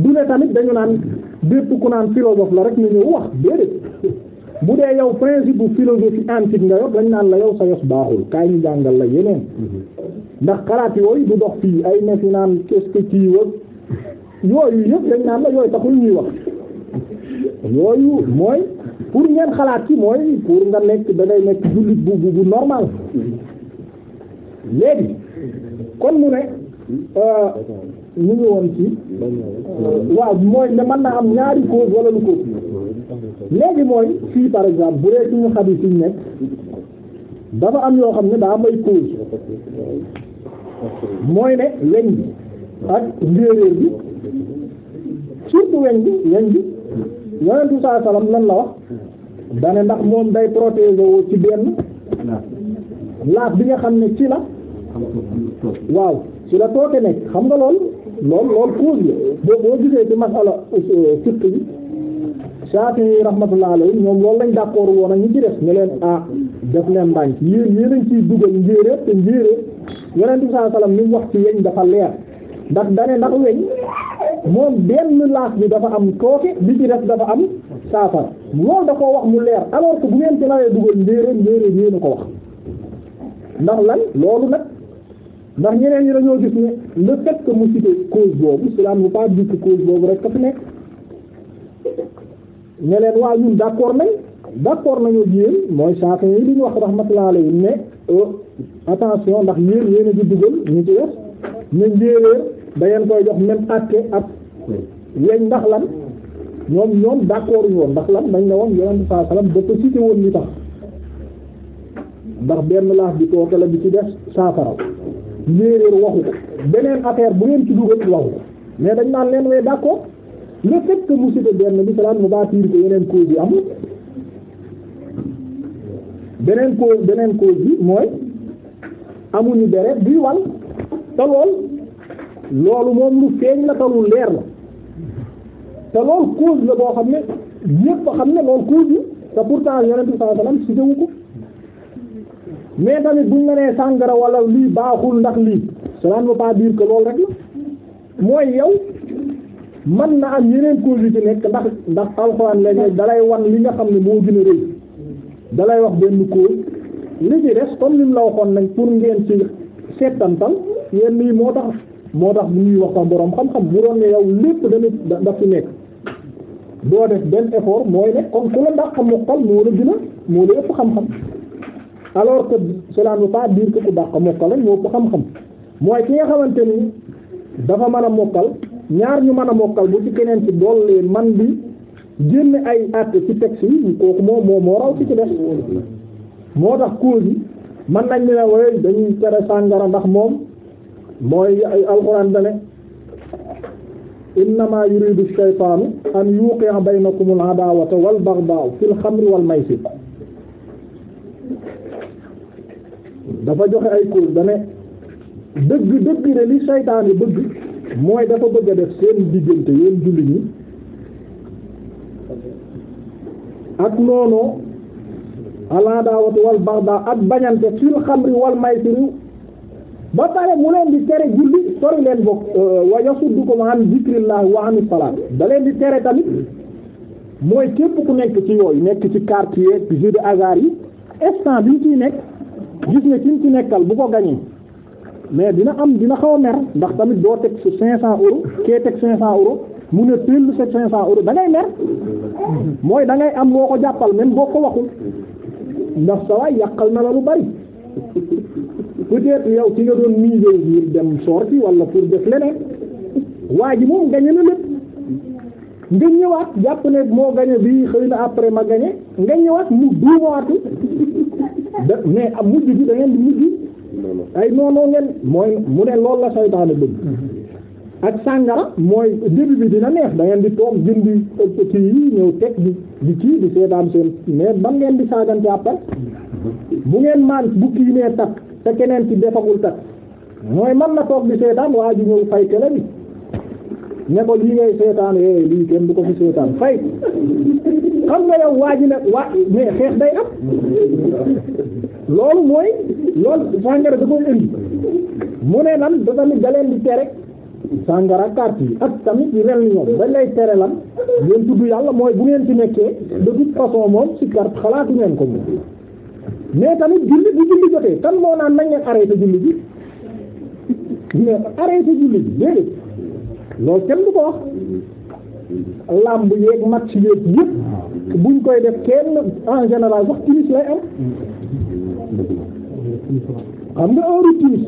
du ne tamit dañu naan bépp ku naan philosophe la rek ñu ñëw wax déedéet bu dee yow principe bu philosophie antique nga yor dañ naan la yow sa yos baaxul kaay ñu jàngal la yeneen ndax xalaat yooyu du dox fii ay ne naan est-ce que kii yooyu yëpp dañ naan la yooyu taxul ñuy wax yooyu mooy pour ngeen xalaat ci mooy pour nga nekk da nekk jullit bu bu normal léegi kon mu ne ñu euh, ngi woon ci euh, ne mën na am ñaari cause wala lu ko léegi mooy par exemple bu dee suñu xarit yi nekk dafa am yoo xam ne daa may cause mooy ne leñ bi ak bi surtout weñ bi weñ bi yonent bi saa salaam lan la wax dane ndax moom day protéger woo ci benn laat bi nga xam ne ci la waaw ci la toote nekk xam nga lool lool lool cause la boo boo gisee ci masala euh, fiq bi Shafi rahmatullah alayhi moom loolu lañ d'accord woon ak ñu ci def ñu leen ah def leen ndànk yéen yéen lañ ciy dugal njéeréer te njéeréer yonent bi saa salaam ni wax ci weñ dafa leer ndax dane ndax weñ moom benn laas bi dafa am tooke bi ci def dafa am saafara loolu da koo wax mu leer alors bu ngeen ci nawee dugal ndéeréer ndéeréer yéen a ko wax ndax lan loolu nag ndax ñeneen ñi dañoo gis ne le fait que mu cité cause boobu cela ne veut pas dire que cause boobu rek ka nekk ne leen waa ñun d'accord nañ d'accord nañu ak yéen mooy saafara yi li ñu wax rahmatullahi alayhi ne euh, attention ndax yéen yéen a ci dugal ñu ci def ne ndéeréer da ngeen koy jox même àtte ak yeeñ ndax lan ñoom ñoom d'accord woon ndax lan dañ ne woon yonent bi saa salaam dafa cité woon li tax ndax benn laaf bi tooke la bi ci def saafara léeréer waxu ko beneen affaire bu ngeen ci dugal waxu ko mais dañ naan leen wee d'accord le fait que mu cité benn bi salaan mu bâtir ko yeneen cause yi amul beneen cause beneen cause bi mooy amuñu deret bi wal te loolu moom lu feeñ la te leer la te loolu la boo xam ne ñépp a xam ne loolu cause la te pourtant yonent bi sallallahu alayhi wasallam si déwu ko mais tamit buñ la sàngara wala lii baaxul ndax lii cela ne veut pas dire que loolu rek la mooy yow man na am yeneen cause yi ci nekk ndax ndax alxuraan lañ dalay wan li nga xam ne moo gën a rëy dalay wax benn cause li ci des comme lim la waxoon nañ pour ngeen ci seetantal yenn yi moo tax moo tax bu ñuy wax ko boroom xam-xam bu doon ne yow lépp dana daf fi nekk doo def benn effort mooy ne kon ku la dàq mokkal moo la gën a moo la ëpp xam-xam alors que cela ne veut pas dire que ku dàq mokkal la moo ëpp xam-xam mooy ki nga xamante ni dafa mën a mokkal ñaar ñu mën a mokkal bu ci keneen ci dolli man bi génn ay at ci texte yi kooku moom moo moo raw ci ci def moo tax cause yi mën nañ ne la waaye dañuy tere sàngara ndax moom mooy alxuraan da ne innamaa yuridu shaytaanu an yuqi'a baynakumul adaawata wal baghdaa'a fil xamri wal maysir dafa joxe ay cause da ne dëgg dëgg de li seytaane bëgg mooy dafa bëgg a def seen diggante yéen julli ñi ak noonu al wal baghdaa'a ak bañante fil xamri wal maysir ba pare mu leen di tere julli sori leen bokk euh, wa yasuddukum an zikrillah wa anis salaat da leen di tere tamit mooy képp ku nekk ci yooyu nekk ci quartier jeu de hasard yi instant bi ñu nekk gis ne ci ci nekkal bu ko gañee mais dina am dina xaw a mer ndax tamit doo teg su 500 euros kee teg 500 euros mu ne teel sa 500 euros da ngay mer mooy da ngay am boo ko jàppal même boo ko waxul ndax sa waay na la lu bari peut-être yow ci nga doon miser ngir dem sorti wala pour def leneen waa ji moom gañe na lépp nga ñëwaat jàpp ne moo gañe bi xëy na après ma gañe nga ñëwaat mu duumawaatu da mais am mujj bi dangeen di mujj ay noonoo ngeen mooy mu ne loolu la saytaane bëgg ak sàngara mooy début bi dina neex da ngeen di toog jëndi kii yi ñëw teg di di kii di seetaan seen mais ba ngeen di saagante après bu ngeen maan bu kii nee takk te keneen ci defagul kat mooy mën na toog di seetaan waa ji ñëw fay télé bi ne ko lii ngay seetaan eh lii kenn du ko fi seetaan fay xam nga yow waa ji ne waa mais xeex day am loolu mooy lool sàngara da koy indi mu ne lan da tamit da leen di tere sàngara carte yi ak tamit yu mel ni ñoom dañ lay tere lan ngeen tudd yàlla mooy bu ngeen ci nekkee de toute façon moom si carte xalaatu ngeen ko moom. mais tamit julli bu julli jotee kan moo naan nañ leen arrêté julli bi mais arrêté julli bi léegi loolu kenn du ko wax làmb yeeg match yeeg yëpp buñ koy def kenn en général sax timis lay am xam nga heure timis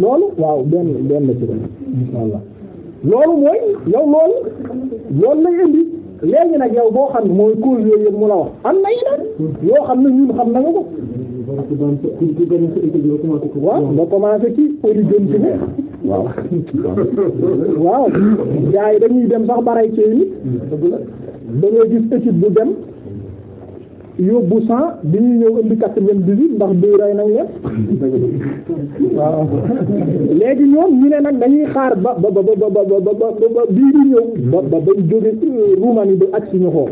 loolu waaw benn benn ci dem inshallah loolu mooy yow loolu loolu lay indi léegi nag yaw boo xam ne mooy cours yooyu yëpp la wax am na yeneen yoo xam ne ñun xam nañu ko. waaw nga commencé ci origine ci ne waaw waaw yaay dañuy dem sax baray ci nit da ngay gis étude bu dem yóbbu cent dañuy ñëw indi quatre vingt dix ndax bii rey nañ leen waaw léegi ñoom ñu ne nag dañuy xaar ba ba ba ba ba ba bii di ñëw ba ba bañ jóge Roumanie ba ak suñu xool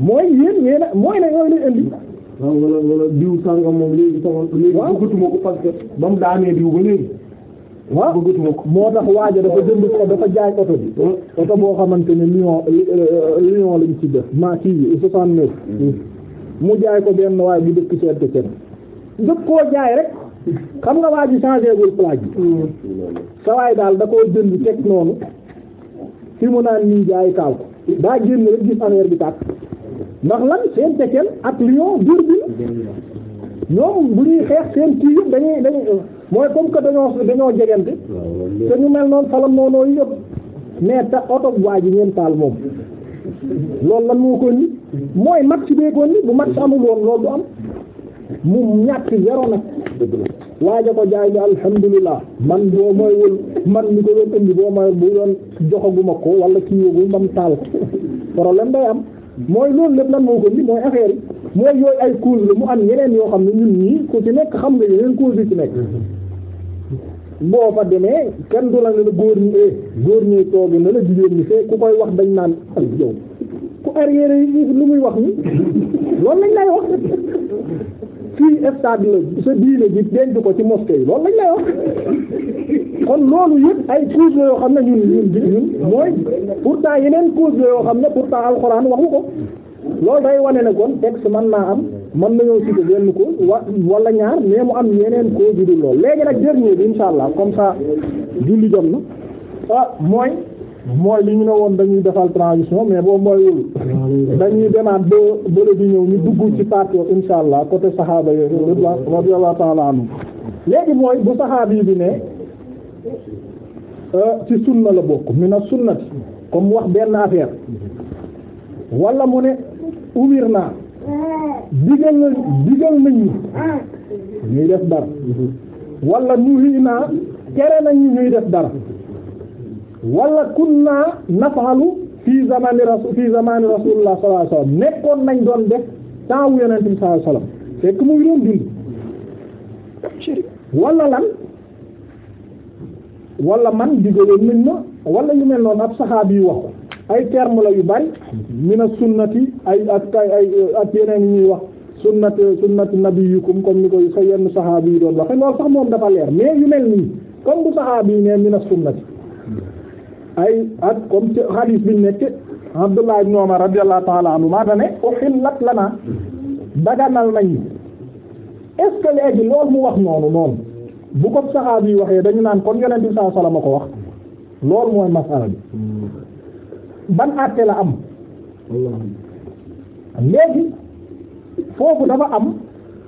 mooy yéen yéen mooy ne yooyu la indi waaw wala wala diw sàngam moom léegi ko parce que ba mu daanee diw ba léegi waaw moo tax waaja dafa jënd ko dafa jaay oto bi hmm. oto boo xamante ne lion euh, euh, lion lañ ci def maa kii soixante neuf hmm. mu jaay ko benn waaye bu dëkk seet ko dëkk koo jaay rek xam nga waa ji changé wul plaque hmm. sa waay daal da koo jënd teg noonu fi mu naan nii jaay taal ko daa génn rek gis affaire ndax lan seen tekel ak lion biir bi bu ñuy xeex seen kii yëpp dañuy dañuy mooy comme que dañoo dañoo jegante te ñu mel noonu falam noon yëpp mais ta oto waa ji ngeen taal moom loolu lan moo ko ni mooy match bee ko ni bu match amul woon loolu du am mu ñàkk zéro nag waaja ko jaay bi alhamdulilah man boo mooy wul man mi ko doon indi boo mooy bu doon joxaguma ko wala kii yóbbu mu taal ko problème day am mooy loolu lépp lan moo ko ni mooy affaire yi mooy yooyu ay cause la mu am yeneen yoo xam ne ñun ñii ku ci nekk xam nga yeneen cause yi boo fa demee kenn du la ne la góor ñi eh góor ñi toogi na la jigéen ñi fee ku koy wax dañ naan ay yow ku arrière yi lu muy wax ni loolu lañ lay wax fii stade la sa diine ji denc ko ci mosquée yi loolu lañ lay wax kon loolu yëpp ay cause la yoo xam ne ñun ñun ñun mooy pourtant yeneen cause la yoo xam ne pourtant alxuraan waxu ko loolu day wane ne kon texte man naa am mën nañoo citer benn ko wa wala ñaar mais mu am yeneen ko ju dul léegi nag dernier bi insha allah comme ça julli na ah, mooy mooy li ñu ne woon dañuy defal transition mais boo mooy dañuy demaat ba bële di ñëw ñu dugg ci partie insha allah côté saxaaba yooyu radiyallahu ta'ala anhu léegi mooy bu saxaabi bi ne euh, ci sunna la bokk mina sunnati comme wax benn affaire wala mu ne ubir naa digal nañ digal nañu ñuy def dara wala nuhi naa tere nañu ñuy def dara wala kunna nafalu fii zamani rasul fii zamani rasulullah sallallahu alayhi nekkoon nañ doon def temps wu yonent bi sallallahu fekk mu ngi doon dund wala lan wala man digaloon nañ ma wala ñu mel noonu ab saxaab yi wax ko ay terme la yu bari mina sunnati ay ak ay ak ñuy wax sunnati sunnati nabiyukum comme ni koy sa yenn saxaabi yi doon waxe loolu sax moom dafa leer mais yu mel nii comme bu saxaabi yi ne mina sunnati ay ak comme ci bi nekk Abdullah ibn Umar radiyallahu ta'ala anhuma dane uhillat lana daganal nañu est-ce que léegi loolu mu wax noonu noonu bu ko saxaabi yi waxee dañu naan kon yonent bi sallallahu a ko wax loolu mooy masala bi ban àtte la am léegi foofu dafa am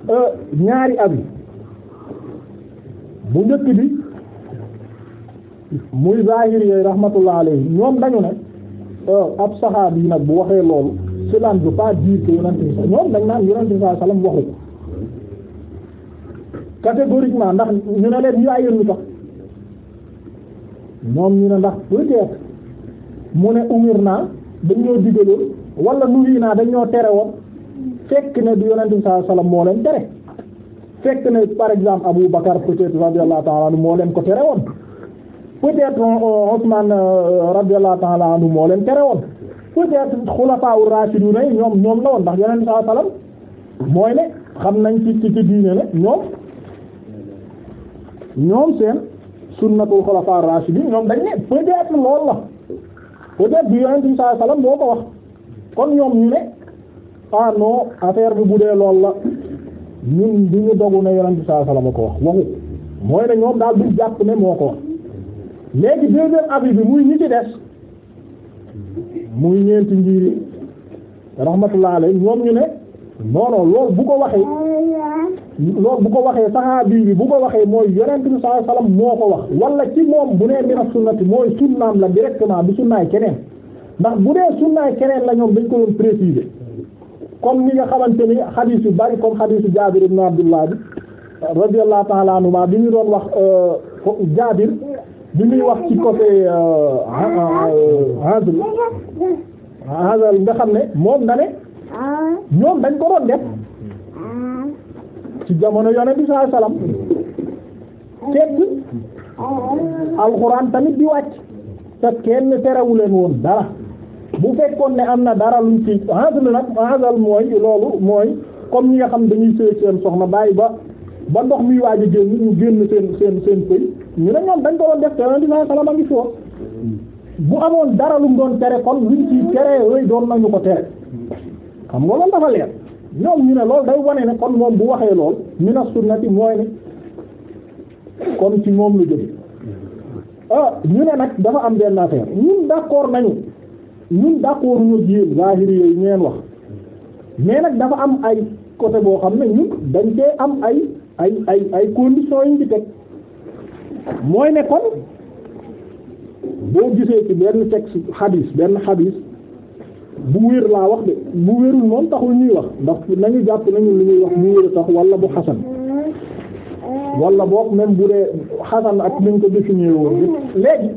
euh, ñaari abi bu njëkk bi muy zahir yooyu rahmatullah alayhi ñoom dañu ne euh, ab saxaab yi nag bu waxee loolu cela ne veut pas dire que yonent bi ñoom dañ naan yonent bi sa sallam waxu ko catégoriquement ndax ñu ne leen ñu ay yéen lu ñoom ñu ne ndax peut mu ne umir naa dañoo digaloon wala nuhi naa dañoo tere woon fekk ne du yonent bi sallallahu alayhi wasallam moo leen tere fekk ne par exemple Abu Bakar peut-être radiyallahu ta'ala anhu moo leen ko tere woon peut-être euh, Ousmane euh, radiyallahu ta'ala anhu moo leen tere woon peut-être xulafaawu raashidun yi ñoom ñoom la woon ndax yonent bi sallallahu alayhi wasallam mooy ne xam nañ ci ci diine ne ñoom ñoom seen sunnatul xulafaawu raashidun ñoom dañ ne peut-être loolu la. peut-être bi yonent bi sallallahu alayhi moo ko wax kon ñoom ñu ne ah non affaire bi bu dee lool la ñun du ñu dogu ne yonent bi sallallahu alayhi wasallam ko wax waxu mooy ne ñoom daal du jàpp ne moo ko wax léegi deuxième avis bi muy ñi ci des muy ñeenti njiiri rahmatullah non non loolu bu ko waxee lool bu ko waxee saxaabi bi bu ko waxee mooy yonent bi sallallahu alayhi wasallam moo ko wax walla ci moom bu nee mina sunnati mooy sunnaam la directement du sunnaay keneen ndax bu dee sunnaay keneen la ñoom dañ ko doon préciser comme ni nga xamante ni xadiis yu bari comme xadiisu Jaabir ibn Abdullah bi radiyallahu ta'ala anhu bi ñu doon wax euh, Jaabir bi muy wax ci côté Hazl euh, Hazl nga xam ne moom na ne ñoom dañ ko doon def ci jamono yonent bi sallallahu alayhi wasallam tedd alxuraan tamit di wàcc te kenn terewu leen woon dara bu fekkoon ne am na dara luñ ci hasil nag hasil mooy loolu mooy comme ñi nga xam dañuy sëy seen soxna bàyyi ba ba ndox mi waaj a génn ñu génn seen seen seen pëy ñu ne dañ ko doon def te yonent bi sallallahu a ngi fi bu amoon dara lu mu doon tere kon luñ ci tere yooyu doon nañu ko tere xam nga loolu dafa leer ñoom ñu ne loolu day wane ne kon moom bu waxee lool ñu mina sunnati mooy ne kon ci moom lu jóge ah ñu ne nag dafa am benn affaire ñun d'accord nañu ñun d'accord ñu yéen zahiri yooyu ñeen wax mais nag dafa am ay côté boo xam ne ñun dañ cee am ay ay ay ay conditions yi ñu teg mooy ne kon boo gisee ci benn texte xadiis benn xadiis bu wér laa wax de bu wérul moom taxul ñuy wax ndax nañu jàpp nañu lu ñuy wax bu wér tax wala bu xasan wala boog même bu dee xasan ak ni ñu ko définir woon léegi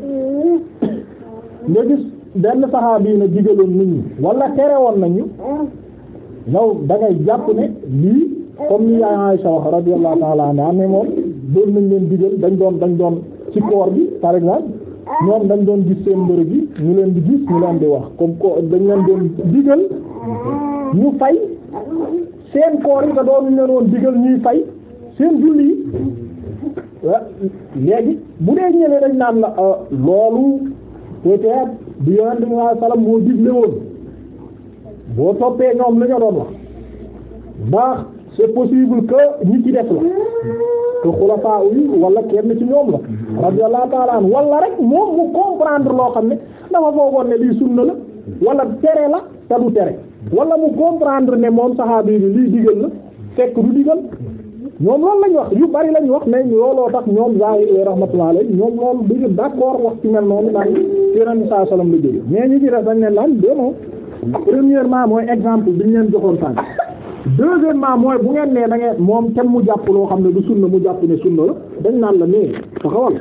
nga gis benn saxaabi yi na digaloon nit ñi wala tere woon nañu yow dangay jàpp ne lii comme ni yaay Aysa wax radiyallahu ta'ala anha ne moom doon nañ leen digal dañ doon dañ doon ci koor bi par exemple ñoom dañ doon gis seen mbërëg yi ñu leen di gis ñu leen di wax comme ko dañ leen doon digal ñu fay seen koor yi te doon leen woon digal ñuy fay seen julli yi ah, léegi bu dee ñëwee dañ naan la ah, loolu peut-être bi yonent bi sallallahu alayhi digle woon boo toppee ñoom la ñu doon wax ndax c'est possible que ñi ci def la te xulafaa yi wala kenn ci ñoom la radiyallahu ta'ala an wala rek moom mu comprendre loo xam ne dafa foogoon ne lii sunna la wala tere la te du tere wala mu comprendre ne moom saxaabi bi lii digal la fekk du digal ñoom loolu lañ wax yu bari lañ wax ne looloo tax ñoom zahir yi rahmatullah alayhi ñoom loolu duñu d'accord wax ci mel noonu naan yonent saa sallam la jóge mais ñu ci def dañ leen lan dénoo premièrement mooy exemple bi ñu leen joxoon sànq deuxièmement mooy bu ngeen nee da moom tem mu jàpp loo xam ne du sunna mu jàpp ne sunna la dañ naan la nee taxawal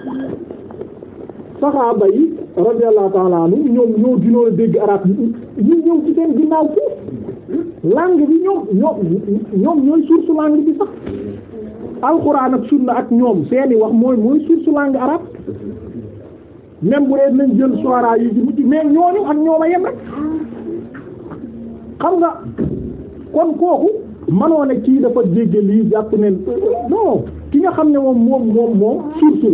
saxaaba yi radiyallahu a dégg arab ñu ñëw ci ñoom ñoom ñoom ñooy source langue bi sax alxuraan ak sunna ak ñoom seeni wax mooy mooy source langue arabe même bu dee nañ jël suara yi ci mujj mais ñooñu ak ñoom a yem rek xam nga kon kooku mënoo ne kii dafa jéggi lii jàpp ne non ki nga xam ne moom moom moom moom source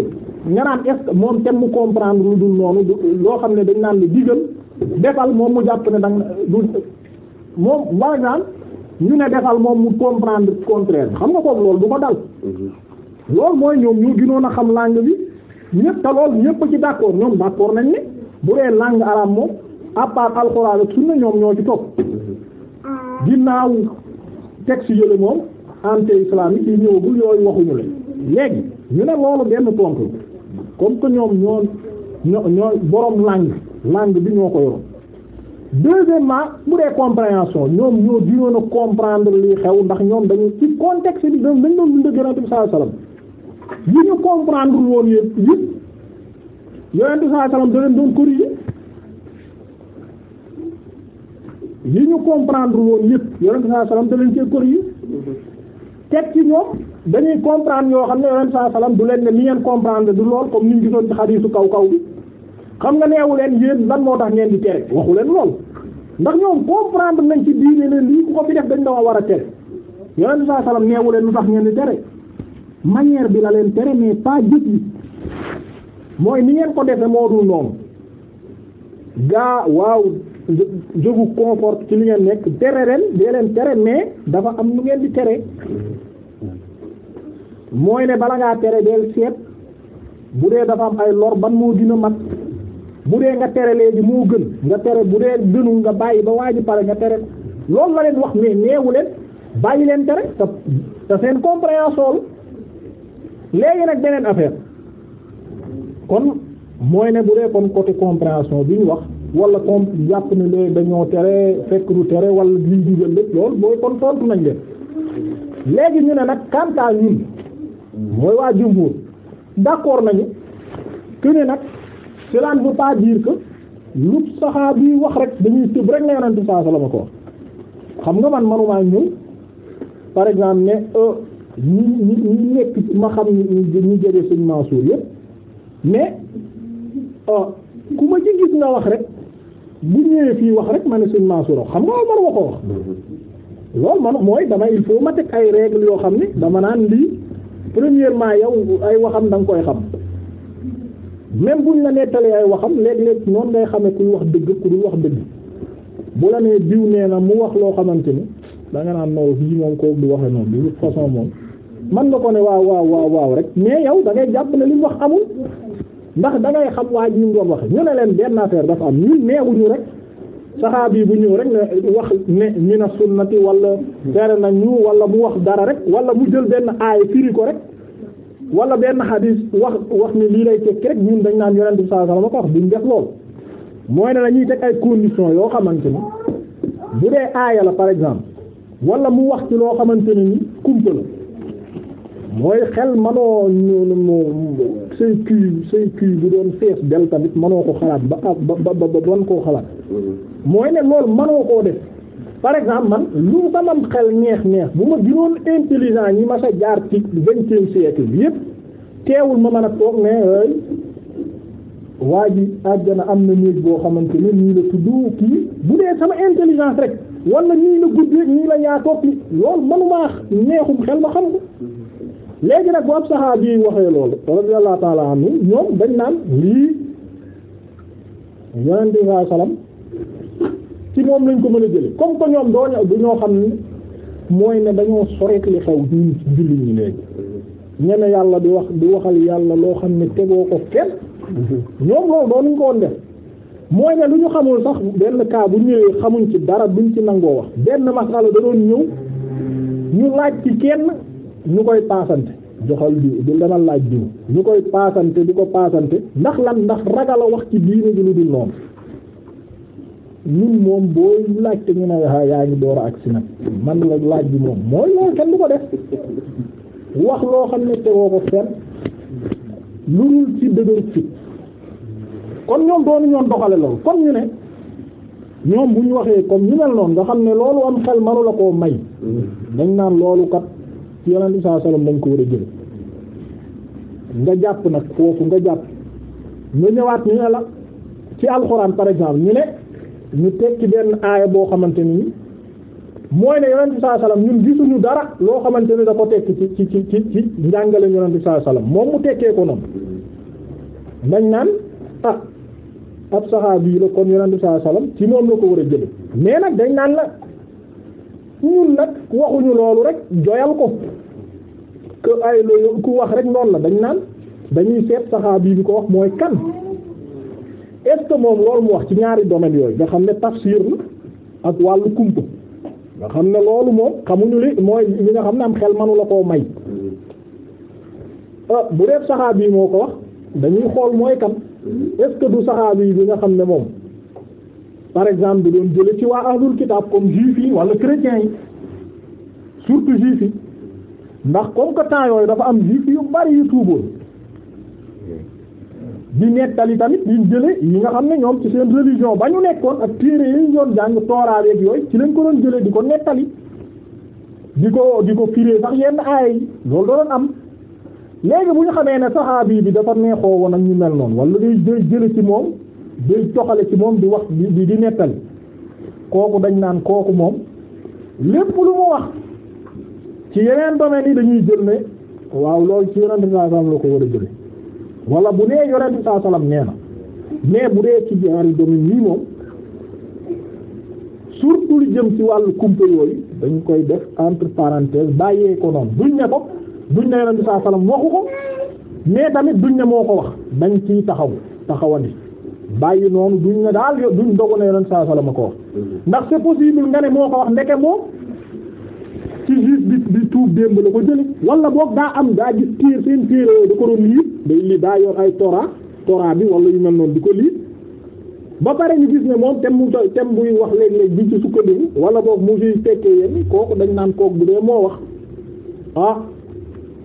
la nga naan est moom kenn mu comprendre lu dul noonu loo xam ne dañ naan la digal defal moom mu jàpp ne danga du moom par exemple ñu ne defal moom mu comprendre contraire xam nga kooku loolu du ko dal mhm. loolu mooy ñoom ñu gënoon a xam làng bi ñëpp te lool ñëpp ci d'accord ñoom d'accord nañ ne bu dee langue arabe moom à part alxuraan ak sunna ñoom ñoo ci topp mhm. ginnaaw texte yële moom anti-islamique yi ñëwagul yooyu waxuñu leen léegi ñu ne loolu benn tontu comme que ñoom ñoo ñoo ñoo borom langue langue bi ñoo ko yoroon deuxièmement bu dee compréhension ñoom ñoo dinoon a comprendre li xew ndax ñoom dañu ci contexte bi dañ dañ doon dund yonent bi yi ñu comprendre woon yëpp yëpp yonent bi sallallahu doon corriger yi ñu comprendre woon yëpp yonent saa salaam da leen cee kor yi teg ci ñoom dañuy comprendre yoo xam ne yonent saa salaam du leen ne ni ngeen comprendre du lool comme ni ñu gisoon ci xadiisu kaw kaw bi xam nga neewu leen yéen lan moo tax ngeen di tere waxu leen lool ndax ñoom comprendre nañ ci diine ne lii ku ko fi def dañ la war a tere yonent saa salaam neewu leen lu tax ngeen di tere manière bi la leen tere mais pas jëf yi mooy ni ngeen ko defe moo dul noonu waaw je vous conforte ci li ngeen nekk tere ren dee leen tere mais dafa am lu ngeen di tere mooy ne bala ngaa tere deel seet bu dee dafa am ay lor ban moo dina mat bu dee nga tere léegi moo gën nga tere bu dee gënu nga bàyyi ba waa ji pare nga tere loolu la leen wax mais neewu leen bàyyi leen tere te te seen compréhension léegi nag beneen affaire kon mooy ne bu dee kon côté compréhension bi ñu wax. wala comme jàpp ne lee dañoo tere fekk du tere wala liñ digal lépp loolu mooy kon tontu nañ leen léegi ñu ne nag kantaa ñun mooy waa jumhur d'accord nañu que ne nag cela ne veut pas dire que lu saxaa bi wax rek dañuy tëb rek na yonente saa sala ma ko xam nga man manumaa ñëw par exemple ne ñu euh, ñu nekk ma xam ñu jëlee sëñ Mansour yëpp mais euh, ku ma ci gis nga wax rek bu ñëwee fii wax rek ma ne sëñ Mansour xam nga man ma ko wax loolu man mooy damay il faut ma teg ay règles yoo xam ne dama naan lii premièrement yow ay waxam danga nga koy xam même buñ la nettalee ay waxam léeg-léeg noonu ngay xamee kuy wax dëgg ku dul wax dëgg bu la nee diw nee na mu wax loo xamante ni da nga naan noonu fii moom koo du waxee noonu de toute façon moom man nga ko ne waaw waaw waaw waaw rek mais yow da ngay jàpp ne li mu wax amul. ndax dangay xam waa ji ñu doon wax ñu ne leen benn affaire dafa am ñun neewuñu rek saxaabi bu ñëw rek ne wax ne na sunnati walla tere na ñu wala mu wax dara rek wala mu jël benn aay firi ko rek wala benn xadiis wax wax ne lii lay tekki rek ñun dañ naan yonent bi sallallahu alayhi wasallam ko wax duñ def lool mooy ne dañuy teg ay conditions yoo xamante ni bu dee aaya la par exemple wala mu wax ci loo xamante ne ni kumpa la mooy xel manoo say kuy say kuy bu doon fees del tamit manoo ko xalaat ba ba ba ba ban koo xalaat mm-hmm. mooy ne loolu manoo koo def par exemple man lu samam xel ñeex neex bu ma gënoon intelligent ñi ma sa jaar ci vingtième siècle bi yëpp teewul ma man a toog ne waa ji àjjana am na néeg boo xamante ne nii la tudd kii bu dee sama intelligence rek wala nii la guddee nii la yaatoo kii loolu manumaa neexum xel ma xam ko mm-hmm. léegi nag bu ab saxaabi yi waxee loolu radiyallahu ta'ala anhu ñoom dañ naan lii yonent bi sallallahu ci moom lañ ko mën a jële comme que ñoom dooñu du ñoo xam ni mooy ne dañoo soreet li xew ñun ci léegi ñeme yàlla di wax di waxal yàlla loo xam ne tegoo ko kenn ñoom loolu doonuñ ko woon mooy ne lu ñu xamul sax benn kaa bu ñëwee xamuñ ci dara buñ ci nangoo wax benn masala da doon ñëw ñu laaj ci kenn ñu koy paasante joxal diw du laaj bi ñu koy paasante di ko paasante ndax lan ndax ragal a wax ci diine ji lu dul noonu ñun moom boo laajte ñu ne yaa ngi door a ak si nag man la laaj bi moom mooy loolu kenn ko def loo xam ne tegoo ko fenn lu dul ci kon ñoom doonu ñoon doxale loolu kon ñu ne ñoom bu ñu waxee comme ñu mel noonu nga xam ne loolu am xel manu koo may dañ naan loolu kat ci yonent bi sallallahu alayhi ko war a jël nga jàpp nag foofu nga jàpp nga ñëwaat ñu ne la ci alxuraan par exemple ñu ne ñu tekki benn aaya boo xamante ni mooy ne yonent bi sallallahu ñu gisuñu dara loo xamante ni da ko tekk ci ci ci ci njàngale yonent bi sallallahu alayhi moom mu tekkee ko dañ naan ah ab saxaabi la kon yonent bi sallallahu ci moom la ko war a jël mais nag dañ naan la. ñun nag waxuñu loolu rek joyal ko que ay loolu ku wax rek noonu la dañ naan dañuy seet saxaabi bi ko wax mooy kan est moom loolu mu wax ci ñaari domaine yooyu nga xam ne tafsir la ak wàllu kumpa xam ne moom xamuñu li mooy li nga xam ne am xel manu koo may ah, bu dee saxaabi moo ko wax dañuy xool mooy kan est-ce que du saxaabi bi nga xam ne moom par exemple da doon jële ci waa ahlul kitab kom juif yi wala chrétiens yi surtout juif yi ndax kom que temps yooyu dafa am juif yu bari yu tuuboon di nettali tamit liñ jële yi nga xam ne ñoom ci seen religion ba ñu nekkoon ak téere yi ñu doon jàng tooraa ak ci lañ ko doon jële di ko nettali di ko di ko firee sax yenn aay yi loolu doon am léegi bu ñu ne ne saxaabi bi dafa neexoo woon ak ñu mel noonu wala day jële ci moom day toxale ci moom di wax di di nettali kooku dañ naan kooku moom lépp lu mu wax ci yeneen domaine yi dañuy jël ne waaw loolu ci yonent bi loo alayhi ko war a jële wala bu dee yonent bi nee na mais bu dee ci ñaari domaine yi moom surtout jëm ci wàll kumpa yooyu dañ koy def entre parenthèses bàyyee ko noonu duñ ne ko duñ ne yonent bi sallallahu alayhi waxu ko mais tamit duñ ne moo ko wax dañ ciy taxaw taxawandi bàyyi noonu duñ ne daal duñ dogu na yoon saa salama ko wax ndax c'est possible nga ne moo ko wax ndeke moom ci juge bi tuub démb la ko jële walla boog daa am daa gis téer seen téere yooyu da ko doon lii daa yor ay toraa toraa bi wala yu mel noonu di ko lii ba pare nu gis ne moom tem mu toy tem buy wax léeg-léeg bi ci sukkandiku wala boog mu fiy fekkee yenn kooku dañ naan kook bu dee moo wax ah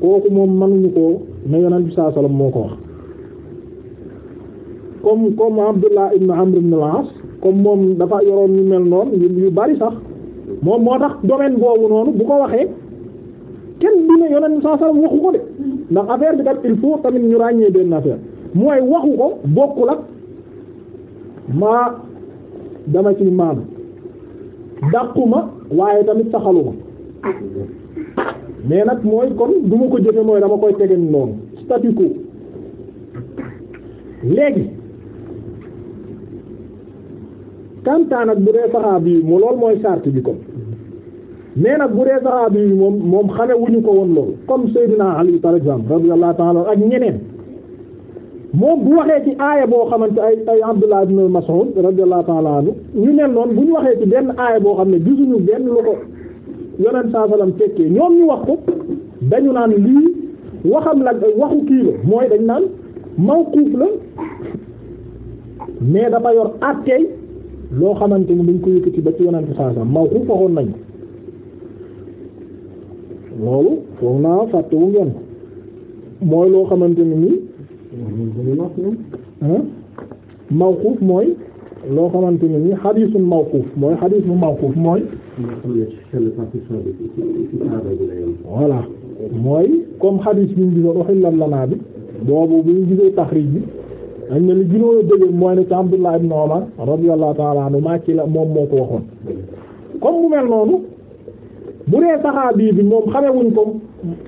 kooku moom mënuñu ko ne yonent bi saa sallam moo ko wax comme comme Abdullah ibn Amr ibn comme moom dafa yoroon ñu mel noonu yu bari sax moom moo tax domaine boobu noonu bu ko waxee kenn du ne yonent saa salaam waxu ko de ndax affaire bi kat il faut tamit ñu ràññee benn affaire mooy waxu ko bokkul ak maa dama ci maanu dàquma waaye tamit saxaluma mais nag mooy kon du ko jëfe mooy dama koy tege noonu statu quo léegi kantaan ak bu dee saxaabi yi mu loolu mooy sart bi ko mais nag bu dee saxaabi yi moom moom xame wuñu ko woon loolu comme Seydina Ali par exemple radiyallahu ta'ala ak ñeneen moom bu waxee ci aaya boo xamante ay ay Abdullah ibn Mas'ud radiyallahu ta'ala anhu ñu mel noonu bu ñu waxee ci benn aaya boo xam ne gisuñu benn lu ko yonent sa sallam tekkee ñoom ñu wax ko dañu naan lii waxam la waxu kii mooy dañ naan mawquf la mais dafa yor àtteey loo xamante ni dañ ko yëkkati ba ci yonent saa saa mawquf waxoon nañ loolu foog naa fàtte wu ngeen mooy loo xamante ni nii ah mawquf mooy loo xamante ni nii xadiisu mawquf mooy xadiisu mawquf mooy voilà mooy comme xadiis bi ñu gisoon lan lanaa bi boobu bi ñu gisee taxriij bi dañ ne li ginoo dëgër mooy ne ci Abdullah ibn Umar radiyallahu ta'ala anhu maa ci moom moo ko waxoon comme mu mel noonu bu dee saxaabi bi moom xamewuñ ko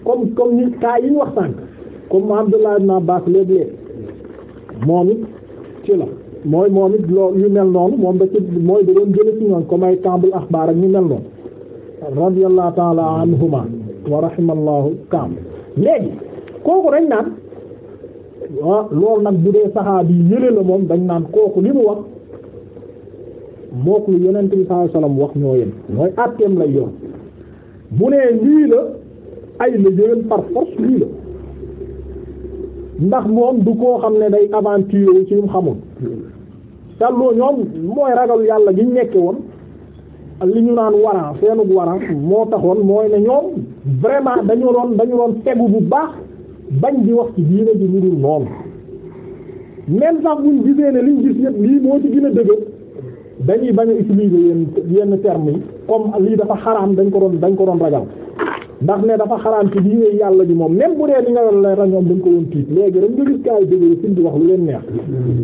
comme comme ni kaa yi ñu wax sànq comme Abdullah ibn Abbas léeg-léeg moom it ci la mooy moom it loolu yu mel noonu moom da ci mooy da doon jële ci comme ay tambul axbaar ak ñu mel noonu radiyallahu ta'ala anhuma wa rahimallahu kaam léegi kooku dañ naan Ah, loolu nag bu dee saxaabi yële la moom dañ naan kooku li mu wax mook lu yonent bi sallallahu wax ñoo yem mooy àtteem lay yoon bu nee lii la ay la jëwén par force lii la ndax moom du koo xam ne day aventure ci yum xamul te ñoom mooy ragal yàlla gi nekke woon li ñu naan waran seenug waran moo taxoon mooy ne ñoom vraiment dañu doon dañu doon tegu bu baax bañ di wax ci diine ji lu dul noonu même sax buñ gisee ne liñ gis yëpp lii moo ci gën a dëgër dañuy bañ a yenn yenn termes yi comme lii dafa xaraam dañ ko doon dañ ko doon ragal ndax ne dafa xaraam ci diine yàlla di moom même bu dee li nga doon ragal ñoom dañ ko doon tiit léegi dañ ko gis kaay dëgër fi di wax lu leen neex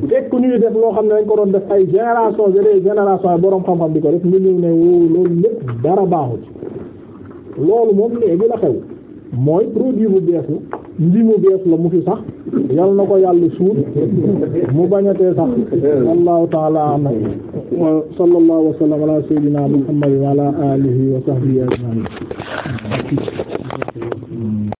fekk ñuy def loo xam ne dañ ko doon def ay génération des génération borom xam-xam di ko def ñu ñëw ne woo loolu lépp dara baaxu ci loolu moom léegi la xew mooy produit nji mu bees la mu fi sax yal na ko yàlla suur mu bañatee sax wallahu taala ana wa sallallahu wa sallam ala sayyidina muhammadin wa ala alihi wa sahbihi ajma'in